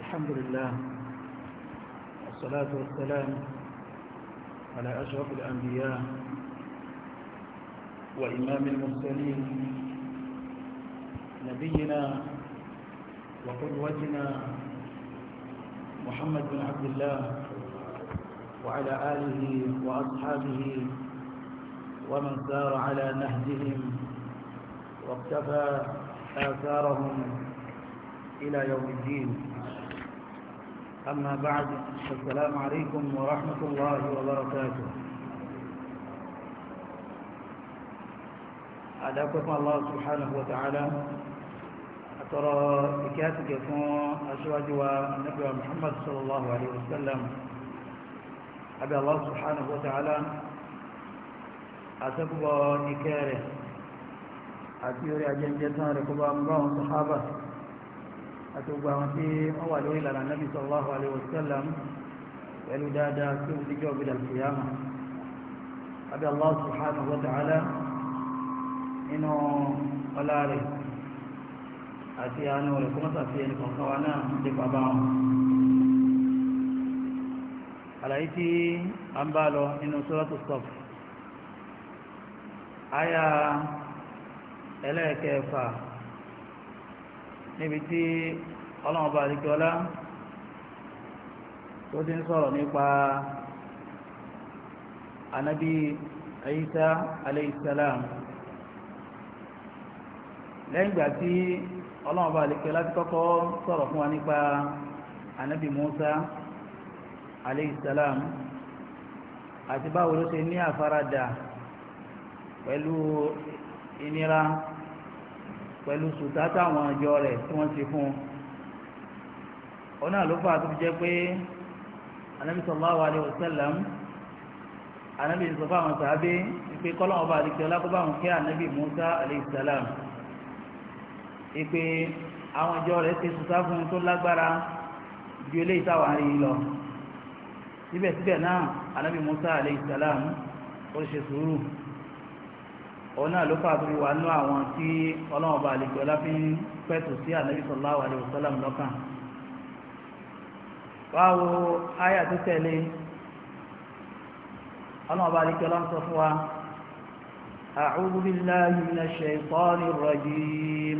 الحمد لله والصلاة والسلام على أشرف الأنبياء وإمام المرسلين نبينا وقدوتنا محمد بن عبد الله وعلى آله وأصحابه ومن سار على نهجهم واقتفى آثارهم إلى يوم الدين أما بعد السلام عليكم ورحمة الله وبركاته أداكم الله سبحانه وتعالى أترى إكاتك يكون أشواج النبي محمد صلى الله عليه وسلم أبي الله سبحانه وتعالى أتبقى إكاره أتيري أجنجتان ركبا أمرهم صحابه àti gbogbo àwọn tí wọ́n wà lórí ìlànà nàbí sallallahu alaihi wasallam pẹ̀lú dáadáa tí ó díjọ́ gbé dàlùkìyàmà àbí Allah subhanahu wa ta'ala nínú ọlá rẹ̀ àti àánú rẹ̀ kọ́mọ́ ẹlẹ́ẹ̀kẹfà níbi tí ọlọ́run bá àdìkẹ́ ọlá tó ti ń sọ̀rọ̀ nípa anabi Isa alayhi salam lẹ́yìn ìgbà tí ọlọ́run bá àdìkẹ́ ọlá ti kọ́kọ́ sọ̀rọ̀ fún wa nípa anabi Musa alayhi salam àti báwo ló ṣe ní àfaradà pẹ̀lú ìnira pẹ̀lú sùtá táwọn àjọ rẹ̀ tí wọ́n ṣe fún un ọ̀nà ló fà tó fi jẹ́ pé anabi sallallahu alayhi wa sallam anabi sọ fún àwọn sàábé ìpè kọ́lọ́wọ́ bá àdìsí ọlákọ́bá àwọn kí anabi musa alayhi ìpè àwọn àjọ rẹ̀ ṣe sùtá fún un tó lágbára ju eléyìí táwọn àárín lọ síbẹ̀síbẹ̀ náà anabi musa alayhi ó ṣe sùúrù òun náà ló fà fi wà nú àwọn tí ọlọ́run bá àlejò ọlá fi ń pẹ̀tù sí ànábì sallallahu alaihi lọ́kàn wáwo áyà tó tẹ̀lé ọlọ́run bá àlejò fún wa أعوذ بالله من الشيطان الرجيم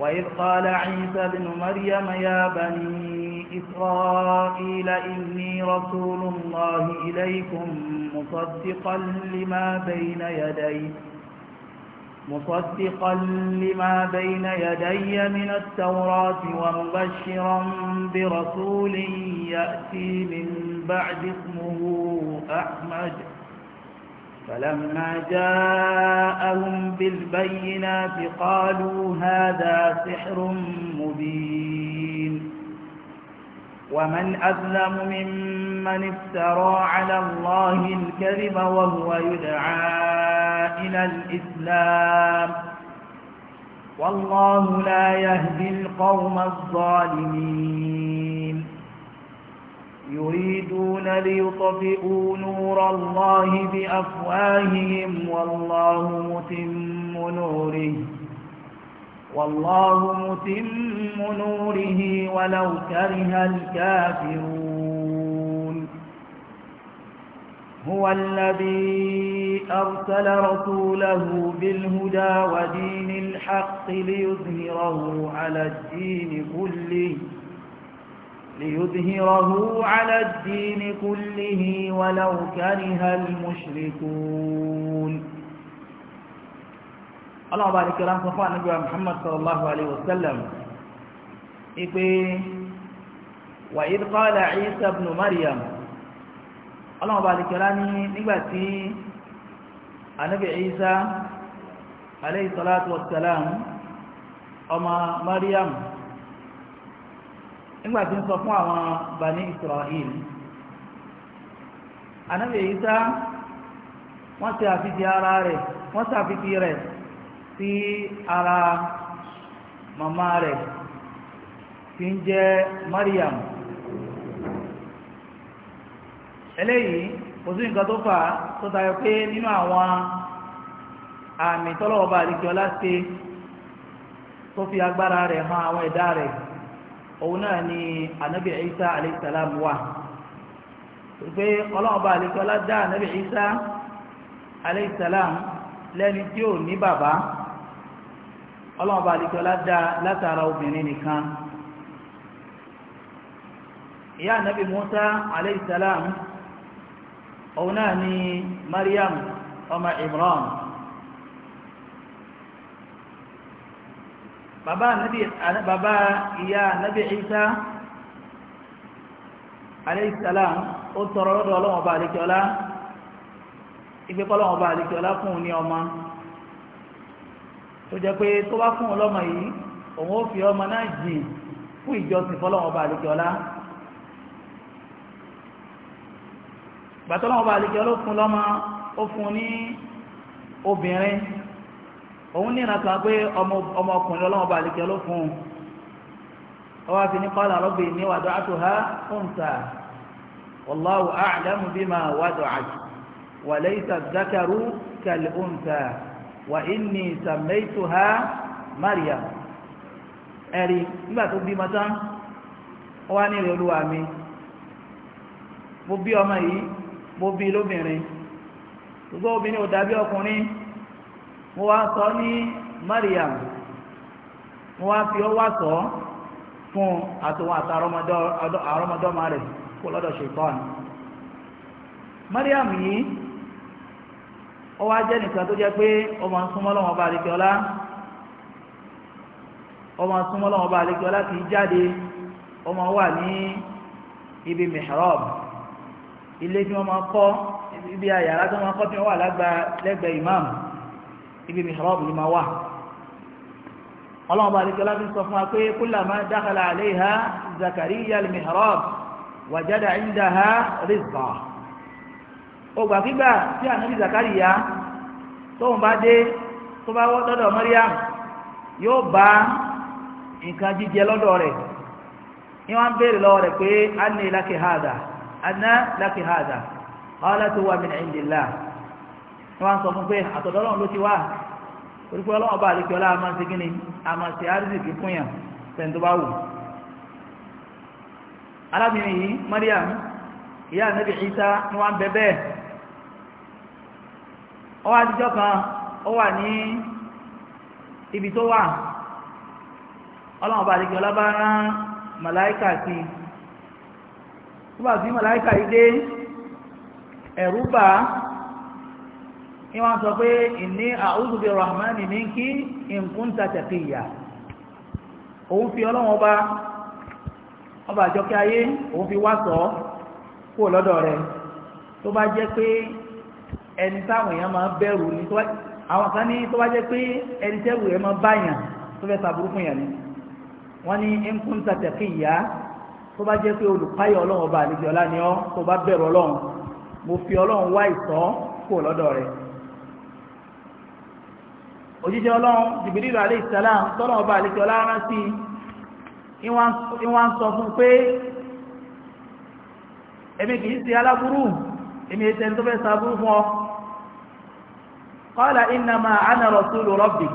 وإذ قال بن مريم يا بني إسرائيل إني رسول الله إليكم مصدقا لما بين يدي مصدقا لما بين يدي من التوراة ومبشرا برسول يأتي من بعد اسمه أحمد فلما جاءهم بالبينات قالوا هذا سحر مبين ومن أظلم ممن افترى على الله الكذب وهو يدعى إلى الإسلام والله لا يهدي القوم الظالمين يريدون ليطفئوا نور الله بأفواههم والله متم نوره والله متم نوره ولو كره الكافرون هو الذي أرسل رسوله بالهدى ودين الحق ليظهره على الدين كله ليظهره على الدين كله ولو كره المشركون ọlọ́run bá nìkẹ́ ránṣọ fún ànábì wa muhammad sallallahu alayhi wa sallam ipe wa idh qala isa ibn maryam ọlọ́run bá nìkẹ́ rá ní nígbà tí ànábì isa alayhi salatu wa salam ọmọ maryam nígbà tí ń sọ fún àwọn bani israel ànábì isa wọ́n ti àfihàn ara rẹ̀ wọ́n ti àfihàn rẹ̀ sí ara màmá rẹ̀ tí ń jẹ́ Mariam eléyìí kò sí nǹkan tó fà á tó tayọ pé nínú àwọn àmì tọ́lọ́wọ́ bá àdìkí ọlá ṣe tó fi agbára rẹ̀ hàn àwọn ẹ̀dá rẹ̀ òun náà ni anabi Isa alayhi salam wà pé ọlọ́wọ́ bá dá anabi Isa alayhi lẹ́ni tí ò ní bàbá ọlọ́run bá dìkọ́ látara obìnrin nìkan ìyá ànábì Musa alayhi salam òun náà ni Maryam ọmọ Imran bàbá ìyá ànábì Isa alayhi salam ó tọrọ lọ́dọ̀ ọlọ́run bá dìkọ́ lá ìgbẹ́kọ́ ọlọ́run bá fún ní ọmọ tó jẹ́ pé tó bá fún ọlọ́mọ yìí òun ó fi ọmọ náà jìn fún ìjọsìn fọlọ́wọ́n ọba àlejò ọlá gbàtọ́lọ́wọ́n ọba àlejò ọlá fún lọ́mọ ó fún ní obìnrin òun ní ìrìnàtà pé ọmọkùnrin ọlọ́wọ́n ọba àlejò ọlá fún un ọwọ́ àfi ní kọ́lá rọ́bì ní wàdó àtúhá fúnta wallahu a'lamu bima wàdó àjù wa laysa dhakaru kal-unta. wà ní sàmẹ́tò ha Maryam eri nígbà tó mata, tán ó wá mi mo bí ọmọ yìí mo bí lóbìnrin ṣùgbọ́n obìnrin ò dàbí sọ ní fi fún Maryam yìí ó wá jẹ́ nìkan tó jẹ́ pé ọmọ súnmọ́ lọ́wọ́ bá àlekè ọlá ọmọ súnmọ́ lọ́wọ́ bá àlekè ọlá kì í jáde ọmọ wà ní ibi mihrab ilé tí wọ́n máa kọ́ ibi àyàrá tí wọ́n máa kọ́ tí wọ́n wà lẹ́gbẹ̀ẹ́ imam ibi mihrab ni máa wà ọlọ́wọ́ bá àlekè ọlá fi sọ fún wa pé kullama dakhala alayha zakariya al-mihrab wajada indaha rizqa. ògbàkígbà tí ànábì zakariya tóun bá dé tó bá wọ́ lọ́dọ̀ mariam yóò bá nǹkan jíjẹ lọ́dọ̀ rẹ̀ ni wọ́n bere lọ́wọ́ rẹ̀ pé anna laki hada hada qalat huwa min indillah ni wọ́n sọ fún pé àtọ̀dọ̀ ló ti wá orúkọ Ọlọ́run bá àlekí ọlá àmà sí gíní àmà sí àrísìkí mariam ìyá Isa ni wọ́n ó wá àtijọ́ kan ó wà ní ibi tó wà ọlọ́run bá àdékè rán màláìkà sí i nígbà tí màláìkà yìí ẹ̀rú bà á sọ pé ìní a'udhu bi fi ọba àjọkẹ́ ayé òun fi wá sọ kúrò lọ́dọ̀ rẹ tó bá ẹni táwọn èèyàn máa bẹ̀rù ni àwọn kan ní tó bá jẹ́ pé ẹni tẹ́rù rẹ̀ máa báyàn tó fẹ́ sàbúrú fún yàn ni wọ́n ní ẹnkún tàtẹ̀kì ìyá tó bá jẹ́ pé olùpáyọ̀ ọlọ́run ọba àlejò ọlá ni ọ́ tó bá bẹ̀rù ọlọ́run mo fi ọlọ́run wá ìtọ́ kò lọ́dọ̀ rẹ̀ òjíṣẹ́ ọlọ́run jìbìrì rà lẹ́yìn sálám tọ́lọ́ ọba àlejò ọlá rán sí i wọ́n ń sọ fún pé èmi kì í ṣe aláburú èmi ètò ẹni tó fẹ́ sàbúrú fún ọ kọ́lá ìnàmà ànàrọ̀sọ́lù rọ́bì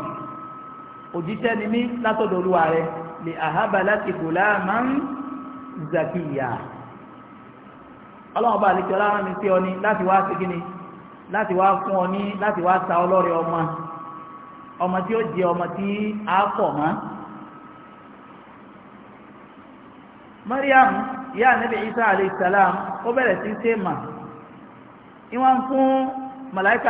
òjíṣẹ́ ni mí látọ̀dọ̀ olúwa rẹ̀ lè àhábà láti bùlá máa ń zàkìyà ọlọ́run bá lè kí ọlọ́run mi sí ọ ní láti wá sí kíni láti wá fún ọ ní láti wá sa ọlọ́rẹ̀ ọmọ tí ó jẹ ọmọ tí a pọ̀ mọ́ Mariam ìyá ànábì Isa alayhi ó bẹ̀rẹ̀ sí ìwọ̀n fún màláìkà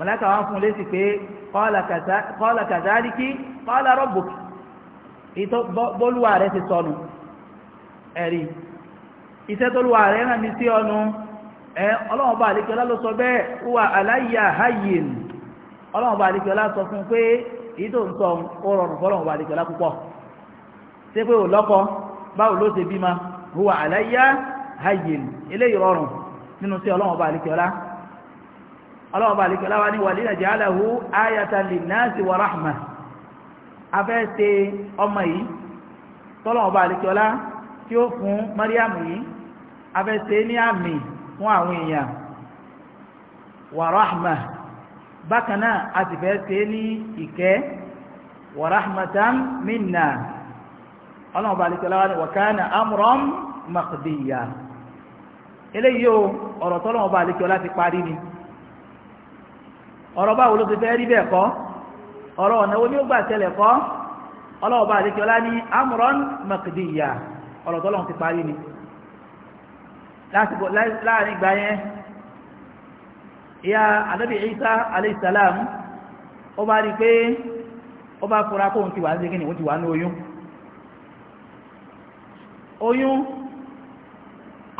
mọ̀láka wọn fún un lé sí pé kọ́ọ̀lá kàdáríkì kọ́ọ̀lá rọ́bù ìtọ́ bọ́lúwà rẹ̀ ti sọnù ẹ̀rí iṣẹ́ tọ́lúwà rẹ̀ rán mi sí ọnu ẹ ọlọ́run bá sọ bẹ́ẹ̀ wà aláyà hayin ọlọ́run bá àlekẹ́ sọ ọlọ́wọ́ bá alìkọ́lá wa ní wàlílẹ̀ jẹ́ aláhu ayatan linnaasi wa rahma afẹ́ ṣe ọmọ yìí tọ́lọ́wọ́ bá alìkọ́lá tí ó fún mariam yìí afẹ́ ṣe ní àmì fún àwọn èèyàn wa rahma bákan náà a sì fẹ́ ṣe ní ìkẹ́ wa rahmatan minna ọlọ́wọ́ bá alìkọ́lá wa ní wa kana amran eléyìí ọ̀rọ̀ tọ́lọ́wọ́ bá alìkọ́lá ti parí ni ọ̀rọ̀ báwo ló ti fẹ́ rí bẹ́ẹ̀ kọ́ ọ̀rọ̀ ọ̀nà wo ni ó gbà tẹ́lẹ̀ kọ́ ọlọ́wọ́ bá àdékẹ́ ọlá ní amúrán makidiyya ọ̀rọ̀ tọ́lọ́run ti parí ni láàrin ìgbà yẹn ìyá ànábì Isa alayhi salam ó bá rí i pé ó bá fura kó òun ti wà ní ti wà ní oyún oyún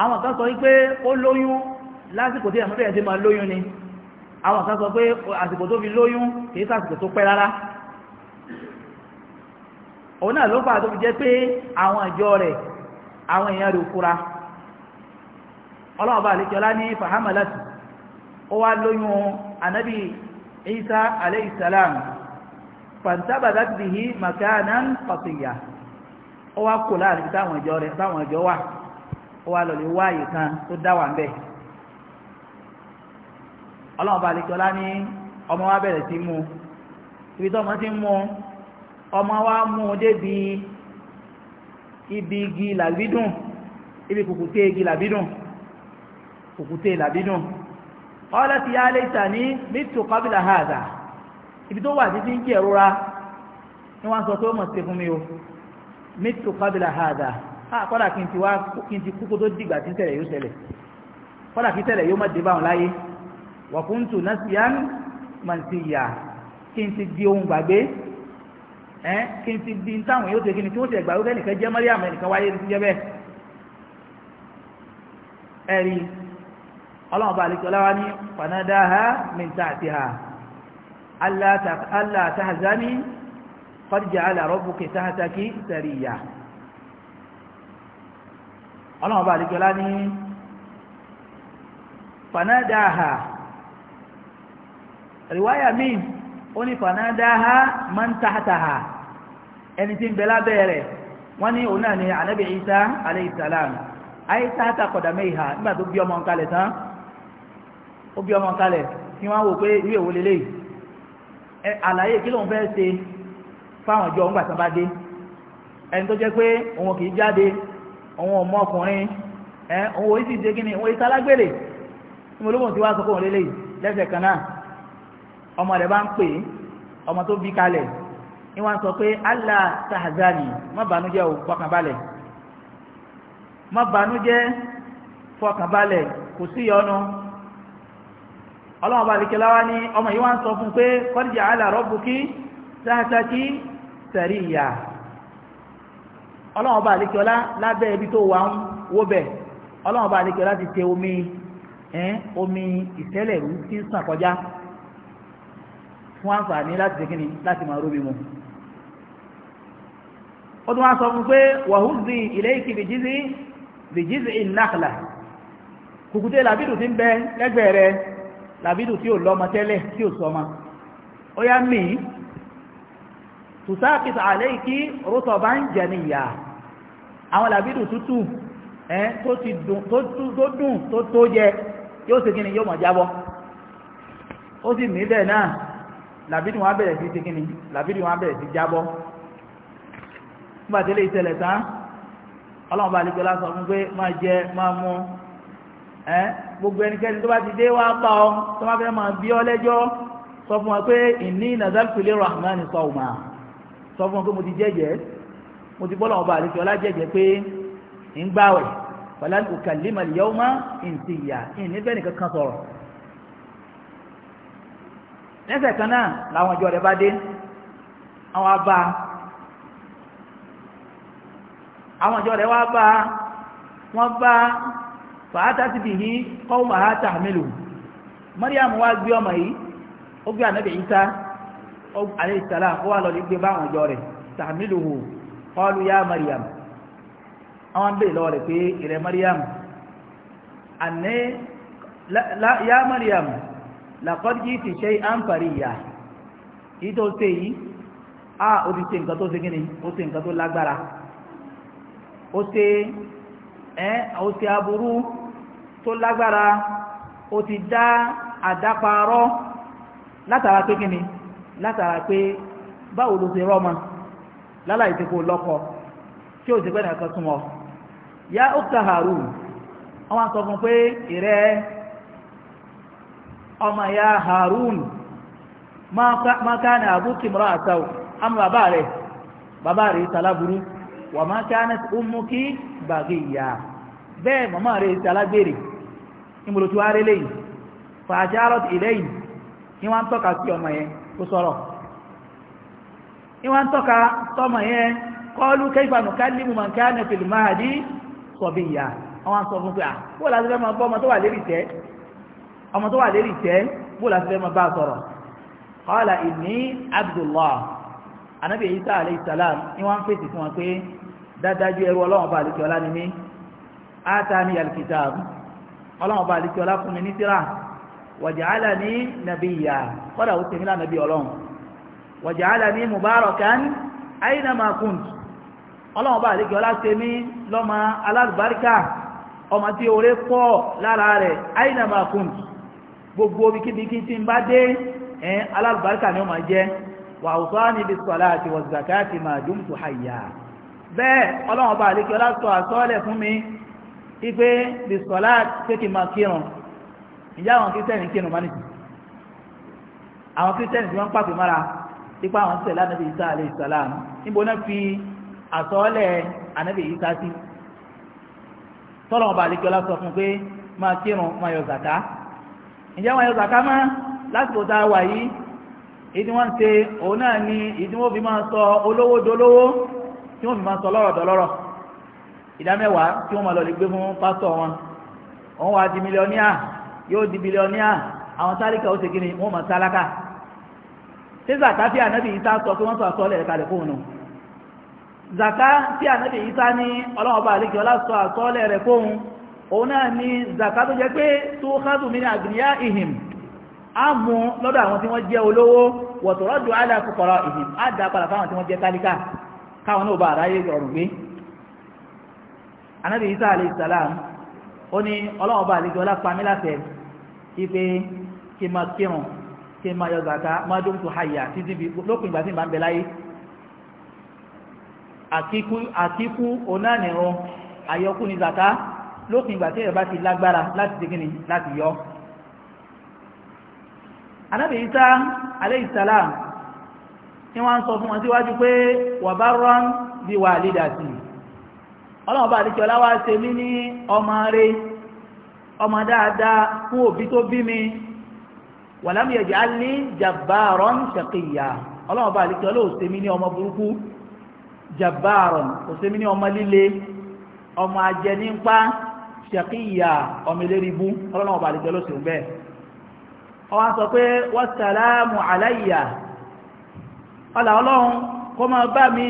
àwọn kan sọ wípé ó lóyún lásìkò tí àmúbẹ̀yẹ̀ ti máa lóyún ni àwọn kan sọ pé àsìkò tó fi lóyún kìí sàsìkò tó pẹ́ rárá òun náà ló fà tó fi jẹ́ pé àwọn ìjọ rẹ̀ àwọn èèyàn rẹ̀ òkúra ọlọ́ọ̀bá àlejọ́lá ní fahamalati ó wá lóyún anabi isa alayhi salam fantabadat bihi makanan qatiya ó wá kò láàrin táwọn ìjọ wà ó wá lọ lè wáyé kan tó dáwà bẹ́ẹ̀ ọlọ́run bá lè jọlá ní ọmọ wa bẹ̀rẹ̀ sí mú ibi tó ọmọ ń mú ọmọ wa mú débi ibi igi làbídùn ibi kùkùté igi làbídùn kùkùté làbídùn ọlọ́ ti yá lè ní mítò kọ́bílà hàdà ibi tó wà títí ń jẹ́ ìrora ni wọ́n sọ pé ó mọ̀ sí fún mi o mítò kọ́bílà hàdà kọ́dà kí n ti kúkú tó dìgbà tí tẹ̀lẹ̀ yóò ṣẹlẹ̀ kọ́dà kí tẹ̀lẹ̀ yóò má dé báwọn láyé wọ̀kúntù nasiyan mansiya kí n ti di ohun gbàgbé ẹ kí n ti di n táwọn yóò ṣe kí ni kí wọ́n ti ẹ̀gbà wípé nìkan jẹ́ mọ́ríàmù ẹnìkan wáyé ní ti jẹ́ bẹ́ẹ̀ ẹ̀rí ọlọ́run bá àlejò ọláwa ní fanadaha min tahtiha alla tahzani qad ja'ala rabbuki tahtaki sariya ọlọ́run bá àlejò ọlá ní fanadaha. rìwáyà míì ó ní fanadáha man tahtaha ẹni tí ń bẹ lábẹ́ wọ́n ní òun náà ni anabi isa alayhi salam ayé tahta qadamaiha nígbà tó bí ọmọ ń kalẹ̀ tán ó bí ọmọ kalẹ̀ kí wọ́n wò pé ìwé ìwò lélẹ̀ ẹ àlàyé kí lóun fẹ́ ṣe fáwọn ọjọ́ òun gbàtàn bá dé ẹni tó jẹ́ pé òun kì í jáde òun ò mọ ọkùnrin ẹ ọmọ rẹ̀ bá ń pè ọmọ tó bí kalẹ̀ wọ́n sọ pé allah tahzani má bànújẹ́ fọkànbalẹ̀ má fọkànbalẹ̀ kò sí yọnu ọmọ yìí wọ́n sọ fún pé kọ́díjà allah rabbuki tahtaki sariya ọlọ́wọ́n bá lè kíọ́lá lábẹ́ ibi tó wà ń ti te omi omi fún àǹfààní láti ṣe kíni láti máa rómi mu ó tún wá sọ fún pé wàhúzì ilayki bìjízì bìjízì ìnákàlà kùkùté làbídù ti ń bẹ lẹ́gbẹ̀ẹ́ rẹ làbídù tí ò lọ́mọ tẹ́lẹ̀ tí ò sọmọ ó yá mí tùsáàkìt àlẹ́ìkí rútọ̀bá ń jẹ níyà àwọn làbídù tútù ẹ́ tó dùn tó tó jẹ yóò sì kí yóò mọ̀ jábọ́ ó sì mí bẹ́ẹ̀ náà làbídì wọn bẹ̀rẹ̀ sí ti kíni làbídì wọn bẹ̀rẹ̀ sí jábọ́ nígbà tẹ́lẹ̀ ìṣẹ̀lẹ̀ tán ọlọ́run bá lẹ́gbẹ̀ẹ́ lásán fún pé máa jẹ máa mú ẹ gbogbo ẹnikẹ́ni tó bá ti dé wá bá ọ tó bá fẹ́ máa bí ọ lẹ́jọ́ sọ fún wa pé ìní nàzàkùlé rahman sọ ọ̀mà sọ fún wa pé mo ti jẹ́jẹ́ mo ti bọ́lọ̀ ọba àlejò ọlájẹ́jẹ́ pé ń gbáwẹ̀ pẹ̀lú àlùkàlímà lìyàwó má ń ti yà ń nífẹ̀ẹ́ nìkan kan sọ̀rọ̀ lẹ́sẹ̀ kan náà làwọn ìjọ rẹ̀ bá dé àwọn abá àwọn ìjọ rẹ̀ wá bá wọ́n bá fàátà ti bì yí kọ́wọ́ mélòó Mariam wá gbé ọmọ yìí ó gbé ànábì Isa alayhi salam ó wà lọ lè gbé ìjọ rẹ̀ ya àwọn bèèrè rẹ̀ pé ìrẹ̀ ya làkọ́dí gị ti ṣe à ya tó ṣe yìí a ó ti ṣe nǹkan tó ṣe kí ni ó ṣe nǹkan tó lágbára ó ṣe ẹ́ ó ṣe aburú ti dá àdáparọ́ látara pé kí ni látara pé báwo ló ṣe rọ́mọ láláì ti kó ó pẹ́ súnmọ́ ya ó sọ fún pé ọmọ ya Harun ma kana abuki mura asau an bàbá rẹ̀ bàbá rẹ̀ salaburu wa ma kanat ummuki baghiya bẹ́ẹ̀ màmá rẹ̀ salagbèrè ìmùlòtú arẹ́ lẹ́yìn fàájárọ̀t ìlẹ́yìn ni wọ́n ń tọ́ka sí ọmọ yẹn kó sọ̀rọ̀ ni wọ́n ń tọ́ka sọmọ yẹn kọlu kẹfàánù kálímù mọ̀nkánà fìlìmáàdì sọ̀bìyà wọ́n sọ fún pé ah, máa bọ́ ọmọ tó ọmọ tó wà lérí tẹ́ bóòlù àti fẹ́ẹ́ máa bá a sọ̀rọ̀ qala inni abdullah anabi isa alayhi salam ni wọ́n ń fèsì fún wọn pé dáadájú ẹrú ọlọ́wọ́n bá àlùkí ọlá ni mí atani alkitab ọlọ́wọ́n bá àlùkí ọlá fún mi ní tírà wa ja'alani nabiyya kọ́dà ó tẹ̀mí lánàbí ọlọ́run wa ja'alani mubarakan aynama kunt ọlọ́wọ́n bá àlùkí ọlá tẹ̀mí lọ́mọ alálùbáríkà ọmọ tí oore pọ̀ lára rẹ̀ aynama kunt gbogbo bíkíbíkí tí ń bá dé ẹ̀ alálùbáríkà ni ó máa jẹ́ wà ọ̀sán níbi sọ̀lá àti wọ̀zàká àti màdúmtù hayya bẹ́ẹ̀ ọlọ́run ọba àlékí ọlásọ̀ àsọ́ọ̀lẹ̀ fún mi ipe bí sọ̀lá pé kí n máa kírun ìjà àwọn kírísítẹ́nì kírun máa nìkú àwọn kírísítẹ́nì tí wọ́n ń pàpè mára ipa àwọn tẹ̀lé anábì Isa alayhi salam níbo náà fi àsọ́ọ̀lẹ̀ anábì Isa sí tọ́lọ́run ọba àlékí ọlásọ̀ fún pé máa kírun máa yọ zàká ǹjẹ́ wọn yọ zaka mọ́ lásìkò tá a wà yìí ìdí wọ́n ń ṣe òun náà ni ìdí wọ́n fi máa sọ olówó dolówó tí wọ́n fi máa sọ lọ́rọ̀ dọlọ́rọ̀ ìdá mẹ́wàá tí wọ́n máa lọ lè gbé fún pásítọ̀ wọn òun wà di mílíọ̀níà yóò di bílíọ̀níà àwọn tálíkà ó ṣe kí ni wọ́n máa tálákà ṣé zaka tí ànábì yìí sá sọ pé wọ́n sọ àsọ́ọ̀lẹ̀ kalẹ̀ fóun nù zaka tí ànábì yìí sá ní ọlọ́wọ́n bá àlejò ọlá sọ àsọ́ọ̀lẹ̀ rẹ̀ fóun òun náà ni zaka tó jẹ́ pé tó kádù mí ní àgbìyà ihim a mú lọ́dọ̀ àwọn tí wọ́n jẹ́ olówó wọ̀tọ̀rọ̀dù aláàkùkọ̀rọ̀ ihim a dá padà fáwọn tí wọ́n jẹ́ tálíkà káwọn náà bá ráyé ọ̀rùn gbé anábì isa alayhi salam ó ní ọlọ́wọ́ bá àlejò ọlápá mi láfẹ́ kí pé kí máa kírun kí ni zaka lópin ìgbà tí ẹ̀bá ti lágbára láti ṣe gíní láti yọ. anábì Isa alayhi salam ni wọ́n ń sọ fún wọn síwájú pé wa barran bi walidati ọlọ́run bá àdíkẹ́ ọlá wá ṣe mí ní ọmọ rẹ̀ ọmọ dáadáa fún òbí tó bí mi walam yaj'alni jabbaran shaqiyya ọlọ́run bá àdíkẹ́ ọlá ṣe mí ní ọmọ burúkú jabbaran ò mí ní ọmọ líle ọmọ ajẹnipa ṣàkíyà ọmọ ìlérí bú ọlọ́nà ọba àlejò ló sì ń bẹ́ẹ̀ ọwọ́ sọ pé wọ́n sàlámù aláìyà ọlà ọlọ́run kó máa bá mi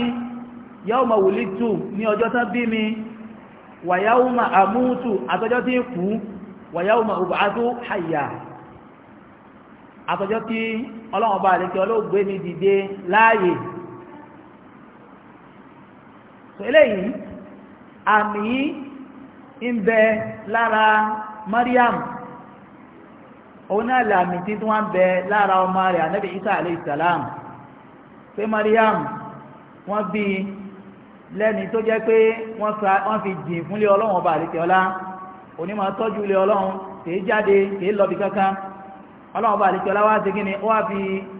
yàwó ma wùlí tù ní ọjọ́ tán bí mi wàyáwó ma àmútù àtọjọ́ tí ń kú wàyáwó ma òbáàtú àyà àtọjọ́ tí ọlọ́run ọba àlejò olóògbé mi dìde láàyè àmì ń bẹ lára Mariam òun náà làmì tí bẹ lára ọmọ rẹ̀ anabi Isa alayhi pé Mariam wọn bí lẹ́ni tó jẹ́ pé wọn fi jìn fúnlé ọlọ́run ọba àdìsí ọlá onímọ̀ tọ́jú ilé ọlọ́run kì í jáde kì í kankan ọlọ́run ọba àdìsí ọlá wá sí kíni ó wá fi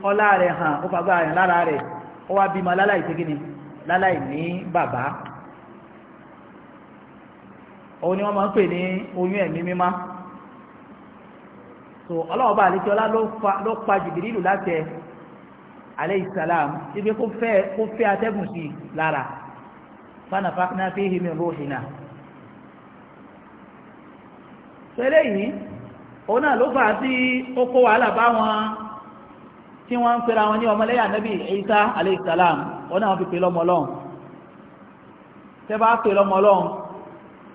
ọlá hàn ó fagbá lára ó wá bímọ ní bàbá. òun ni wọ́n máa ń pè ní oyún ẹ̀mí mímá so ọlọ́wọ́ bá àlejò ọlá ló pa jìbìrìlù láti ẹ̀ aleyhi salam ibi kó fẹ́ kó fẹ́ atẹ́gùn sí lára fanafakna fihi min ruhina so eléyìí òun náà ló fà á sí ó kó wàhálà bá wọn tí wọ́n ń pera wọn ní ọmọlẹ́yà nabi Isa aleyhi salam òun náà fi pè lọ́mọ Ọlọ́run bá pè lọ́mọ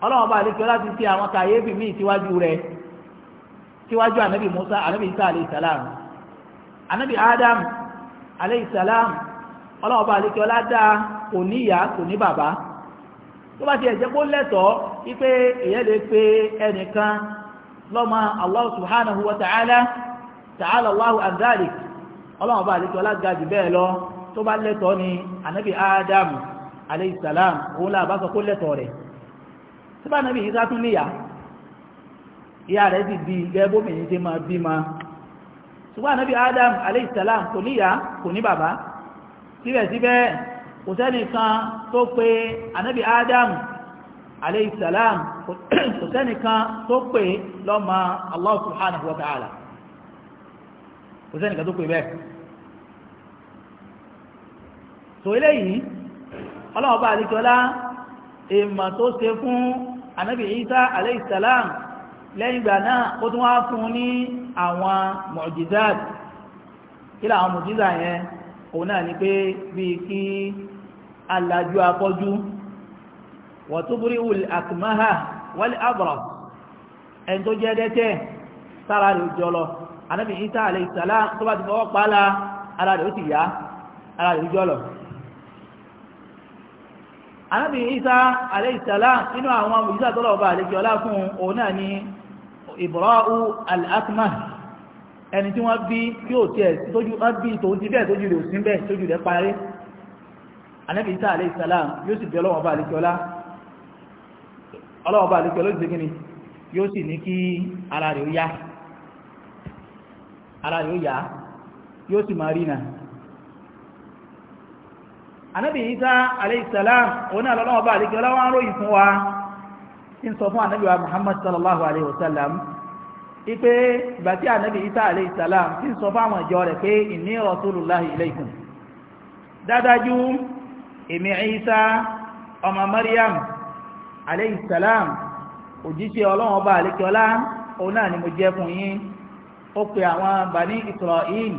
ọlọ́wọ́n bá àlejò láti ṣe àwọn kàyéfì míì síwájú rẹ̀ síwájú anabi musa anabi isa alayhi salam anabi adam alayhi salam ọlọ́wọ́n bá àlejò ọládá kò ní ìyá kò ní bàbá tó bá ti ẹ̀jẹ̀ kó lẹ́tọ̀ọ́ wípé èyẹ lè pe ẹnìkan lọ́mọ allah subhanahu wa ta'ala ta'ala allahu an ọlọ́wọ́n bá àlejò ọládá jù bẹ́ẹ̀ lọ tó bá lẹ́tọ̀ọ́ ni anabi adam alayhi salam òun làbá sọ kó lẹ́tọ̀ọ́ rẹ̀ síbá nàbí yìí sátún níyà ìyá rẹ̀ ti di gẹ́gbómìnì tí máa bí ma ṣùgbọ́n nàbí adam aleyhisselam kò níyà kò ní bàbá síbẹ̀síbẹ̀ kò sẹ́nìkan tó pé anábì adam aleyhisselam kò sẹ́nìkan tó pé lọ́mọ allah subhanahu wa ta'ala kò sẹ́nìkan tó pé bẹ́ẹ̀ so eléyìí ọlọ́wọ́ bá àlejò ọlá tó ṣe fún anabi isa alayhi salam lẹ́yìn ìgbà náà ó tún wá fún un ní àwọn mọ̀jìzáàd kí làwọn mọ̀jìzá yẹn òun náà ni pé bíi kí alájú afọ́jú wọ̀túbúrí wùl àkùmáhà wálé àbọ̀rọ̀ ẹni tó jẹ́ dẹ́tẹ̀ sára rẹ̀ jọlọ anabi isa alayhi salam tó bá ti fọwọ́ pa ara rẹ̀ ó ti yá ara rẹ̀ jọlọ anábì isa aleyhisala nínú àwọn isa tọ́lọ̀ ọba àlejò ọlá fún òun náà ni ibra'u al-akmah ẹni tí wọ́n bí kí ó tiẹ̀ tójú wọ́n bí tòun ti bẹ́ẹ̀ tójú rẹ̀ òsín bẹ́ẹ̀ tójú rẹ̀ parí anábì isa aleyhisala yóò sì bí ọlọ́wọ́ ọba àlejò ọlá ọlọ́wọ́ ọba àlejò ọlá ti gíní yóò sì ní kí ara rẹ̀ ó yá ara rẹ̀ ó yá yóò sì máa rí náà anabi isa aleyhisselam òun náà lọ́wọ́ bá àdékẹ́ ọlọ́wọ́ ń ròyìn fún wa ń sọ fún anabi wa muhammad sallallahu alayhi wa sallam ipe ìgbà tí anabi isa aleyhisselam ti sọ fún àwọn ìjọ rẹ̀ pé inni rasulullahi ilaykum dádájú èmi isa ọmọ maryam aleyhisselam òjíṣẹ́ ọlọ́wọ́ bá àdékẹ́ ọlá òun náà ni mo jẹ́ fún yín ó pe àwọn bani israel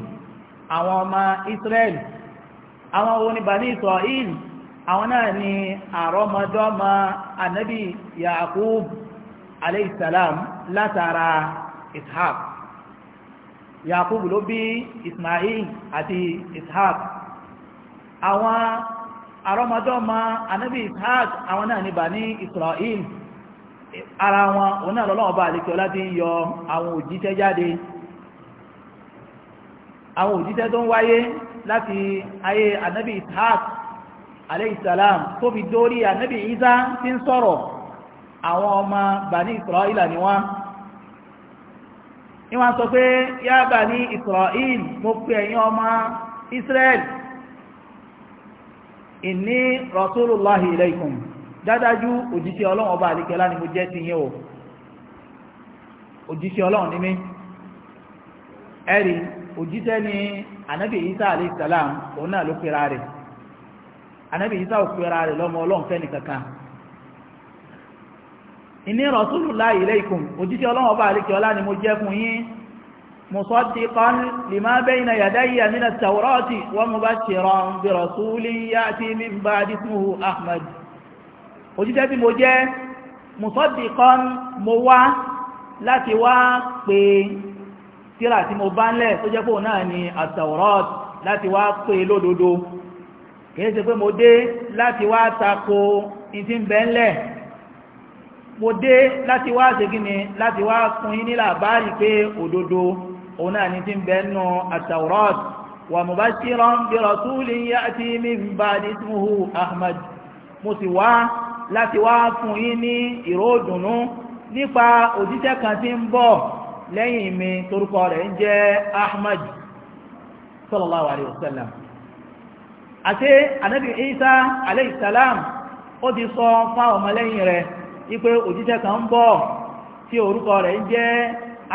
àwọn ọmọ israel àwọn wo ni bani Isra'il àwọn náà ni àrọ́mọdọ́mọ ànábì Yaqub aleyhisselam látara Ishaq Yaqub ló bí Ismail àti Ishaq àwọn àrọ́mọdọ́mọ ànábì Ishaq àwọn náà ni bani Isra'il ara wọn òun náà lọ́lọ́wọ́ bá àlekẹ́ láti yọ àwọn òjíṣẹ́ jáde àwọn òjíṣẹ́ tó ń wáyé láti ayé anabi ishaq aleyhisselam tó fi dórí anabi isa tí ń sọ̀rọ̀ àwọn ọmọ bani israel ni wọ́n ni wọ́n sọ pé yá bani israel mo pè ẹ̀yin ọmọ israel dádájú òjíṣẹ́ ọlọ́run ọba àdìkẹ́lá ni mo jẹ́ ti o òjíṣẹ́ ọlọ́run ni ni anabi isa alayhi salam òun náà ló pera rẹ̀ anabi isa ò pera rẹ̀ lọ́mọ ọlọ́run fẹ́ni kankan inni rasulullahi ilaykum òjíṣẹ́ ọlọ́run ọba àlekè ọlá ni mo jẹ́ fún yín musaddiqan lima bayna yadayya min at-tawrati wa mubashiran bi rasulin ya'ti min ba'di ismuhu ahmad òjíṣẹ́ tí mo jẹ́ musaddiqan mo wá láti wá pé tíra tí mo bá ńlẹ̀ tó jẹ́ pò náà ni àtàwọ̀rọ̀t láti wá pé lódodo kìí ṣe pé mo dé láti wá tako ìtí ń bẹ ńlẹ̀ mo dé láti wá ṣe gíní láti wá fún yín nílà báyìí pé òdodo òun náà ni tí ń bẹ lẹ́yìn mi torúkọ rẹ̀ ń jẹ́ ahmad sallallahu alayhi wa sallam àti anabi isa alayhi salam ó ti sọ fáwọn ọmọlẹ́yìn rẹ̀ wípé òjíṣẹ́ kan ń bọ̀ tí orúkọ rẹ̀ ń jẹ́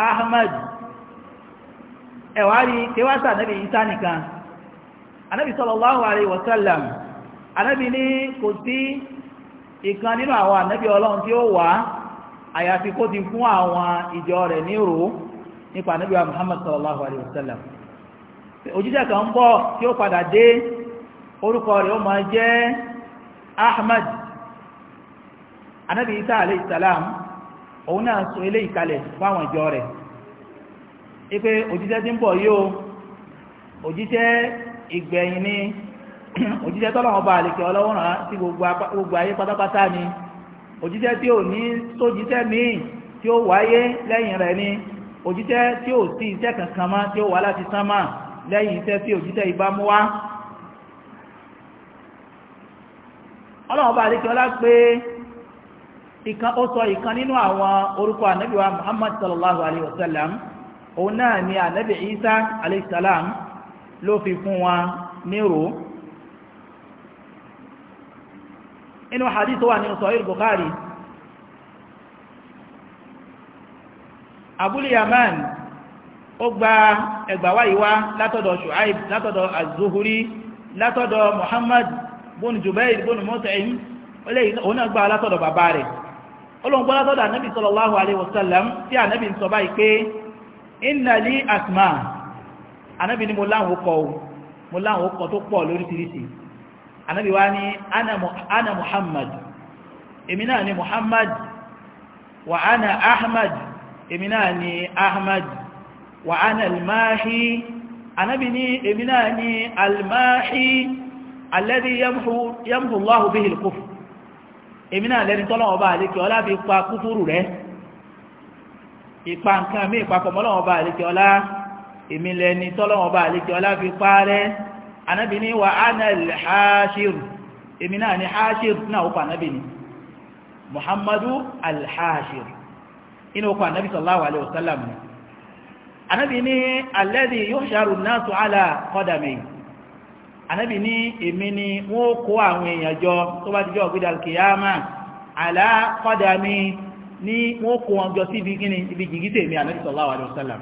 ahmad ẹ̀wà rí kéwàsá anabi isa nìkan anabi sallallahu alayhi wa sallam anabi ní kò sí ìkan nínú àwọn anabi ọlọ́run tí ó wà àyàfi kó ti fún àwọn ìjọ rẹ̀ ní rò nípa níbi wa Muhammad sallallahu alayhi wa sallam òjíṣẹ́ kan ń bọ̀ tí ó padà dé orúkọ rẹ̀ ó máa jẹ́ Ahmad anábi Isa alayhi salam òun náà sọ ilé ìkalẹ̀ fáwọn ìjọ rẹ̀ ipé òjíṣẹ́ tí ń bọ̀ yóò òjíṣẹ́ ìgbẹ̀yìn ni òjíṣẹ́ tọ́lọ́wọ́ bá àlèkè ọlọ́wọ́ràn sí gbogbo ayé pátápátá ni òjíṣẹ́ tí ò ní sójíṣẹ́ míì tí ó wáyé lẹ́yìn rẹ̀ ni òjíṣẹ́ tí ò sí iṣẹ́ kankan mọ́ tí ó wá láti sánmà lẹ́yìn iṣẹ́ tí òjíṣẹ́ ibá mú wá ọlọ́run bá adékẹ́ ọlá pé ìkan ó sọ ìkan nínú àwọn orúkọ ànábì muhammad sallallahu alayhi wa sallam òun náà ni ànábì isa alayhi salam ló fi fún wa nírò inú hadith wà nínú sahih bukhari abul yaman ó gba ẹgbàwá ìwá látọ̀dọ̀ shu'aib látọ̀dọ̀ az-zuhuri látọ̀dọ̀ muhammad bun jubair bun mut'im òun náà gba látọ̀dọ̀ bàbá rẹ̀ olóngbọ́n látọ̀dọ̀ ànábì sallallahu alaihi wasallam tí ànábì ń sọ báyìí pé inna li asma ànábì ni mo láhùn kọ̀ tó pọ̀ lóríṣiríṣi anábi wá ní ana muhammad èmi náà ni muhammad wa ana ahmad èmi náà ni ahmad wa ana almahi anábi ní èmi náà ni almahi alladhi yamhu allahu bihi al-kufr èmi náà lẹ́ni tọ́lọ́wọ́ bá àlékẹ́ ọlá fi pa kúfúrù rẹ̀ ìpa nǹkan mí ìpapọ̀mọ́lọ́wọ́ bá àlékẹ́ ọlá èmi lẹ́ni tọ́lọ́wọ́ bá àlékẹ́ ọlá fi pa rẹ̀ anábì ní wà ánàlì hashir èmi náà ni hashir náà ó pa anábì ní muhammadu al-hashir inú ó pa anábì sallallahu alaihi wasallam ni anábì ní alladhi yuhsharu an-nasu ala qadami anábì ní èmi ni wọ́n kó àwọn èèyàn jọ tó bá ti jọ ọ̀gbídà kìyàmá ala qadami ní wọ́n kó wọn jọ sí ibi gíní mi anábì sallallahu alaihi wasallam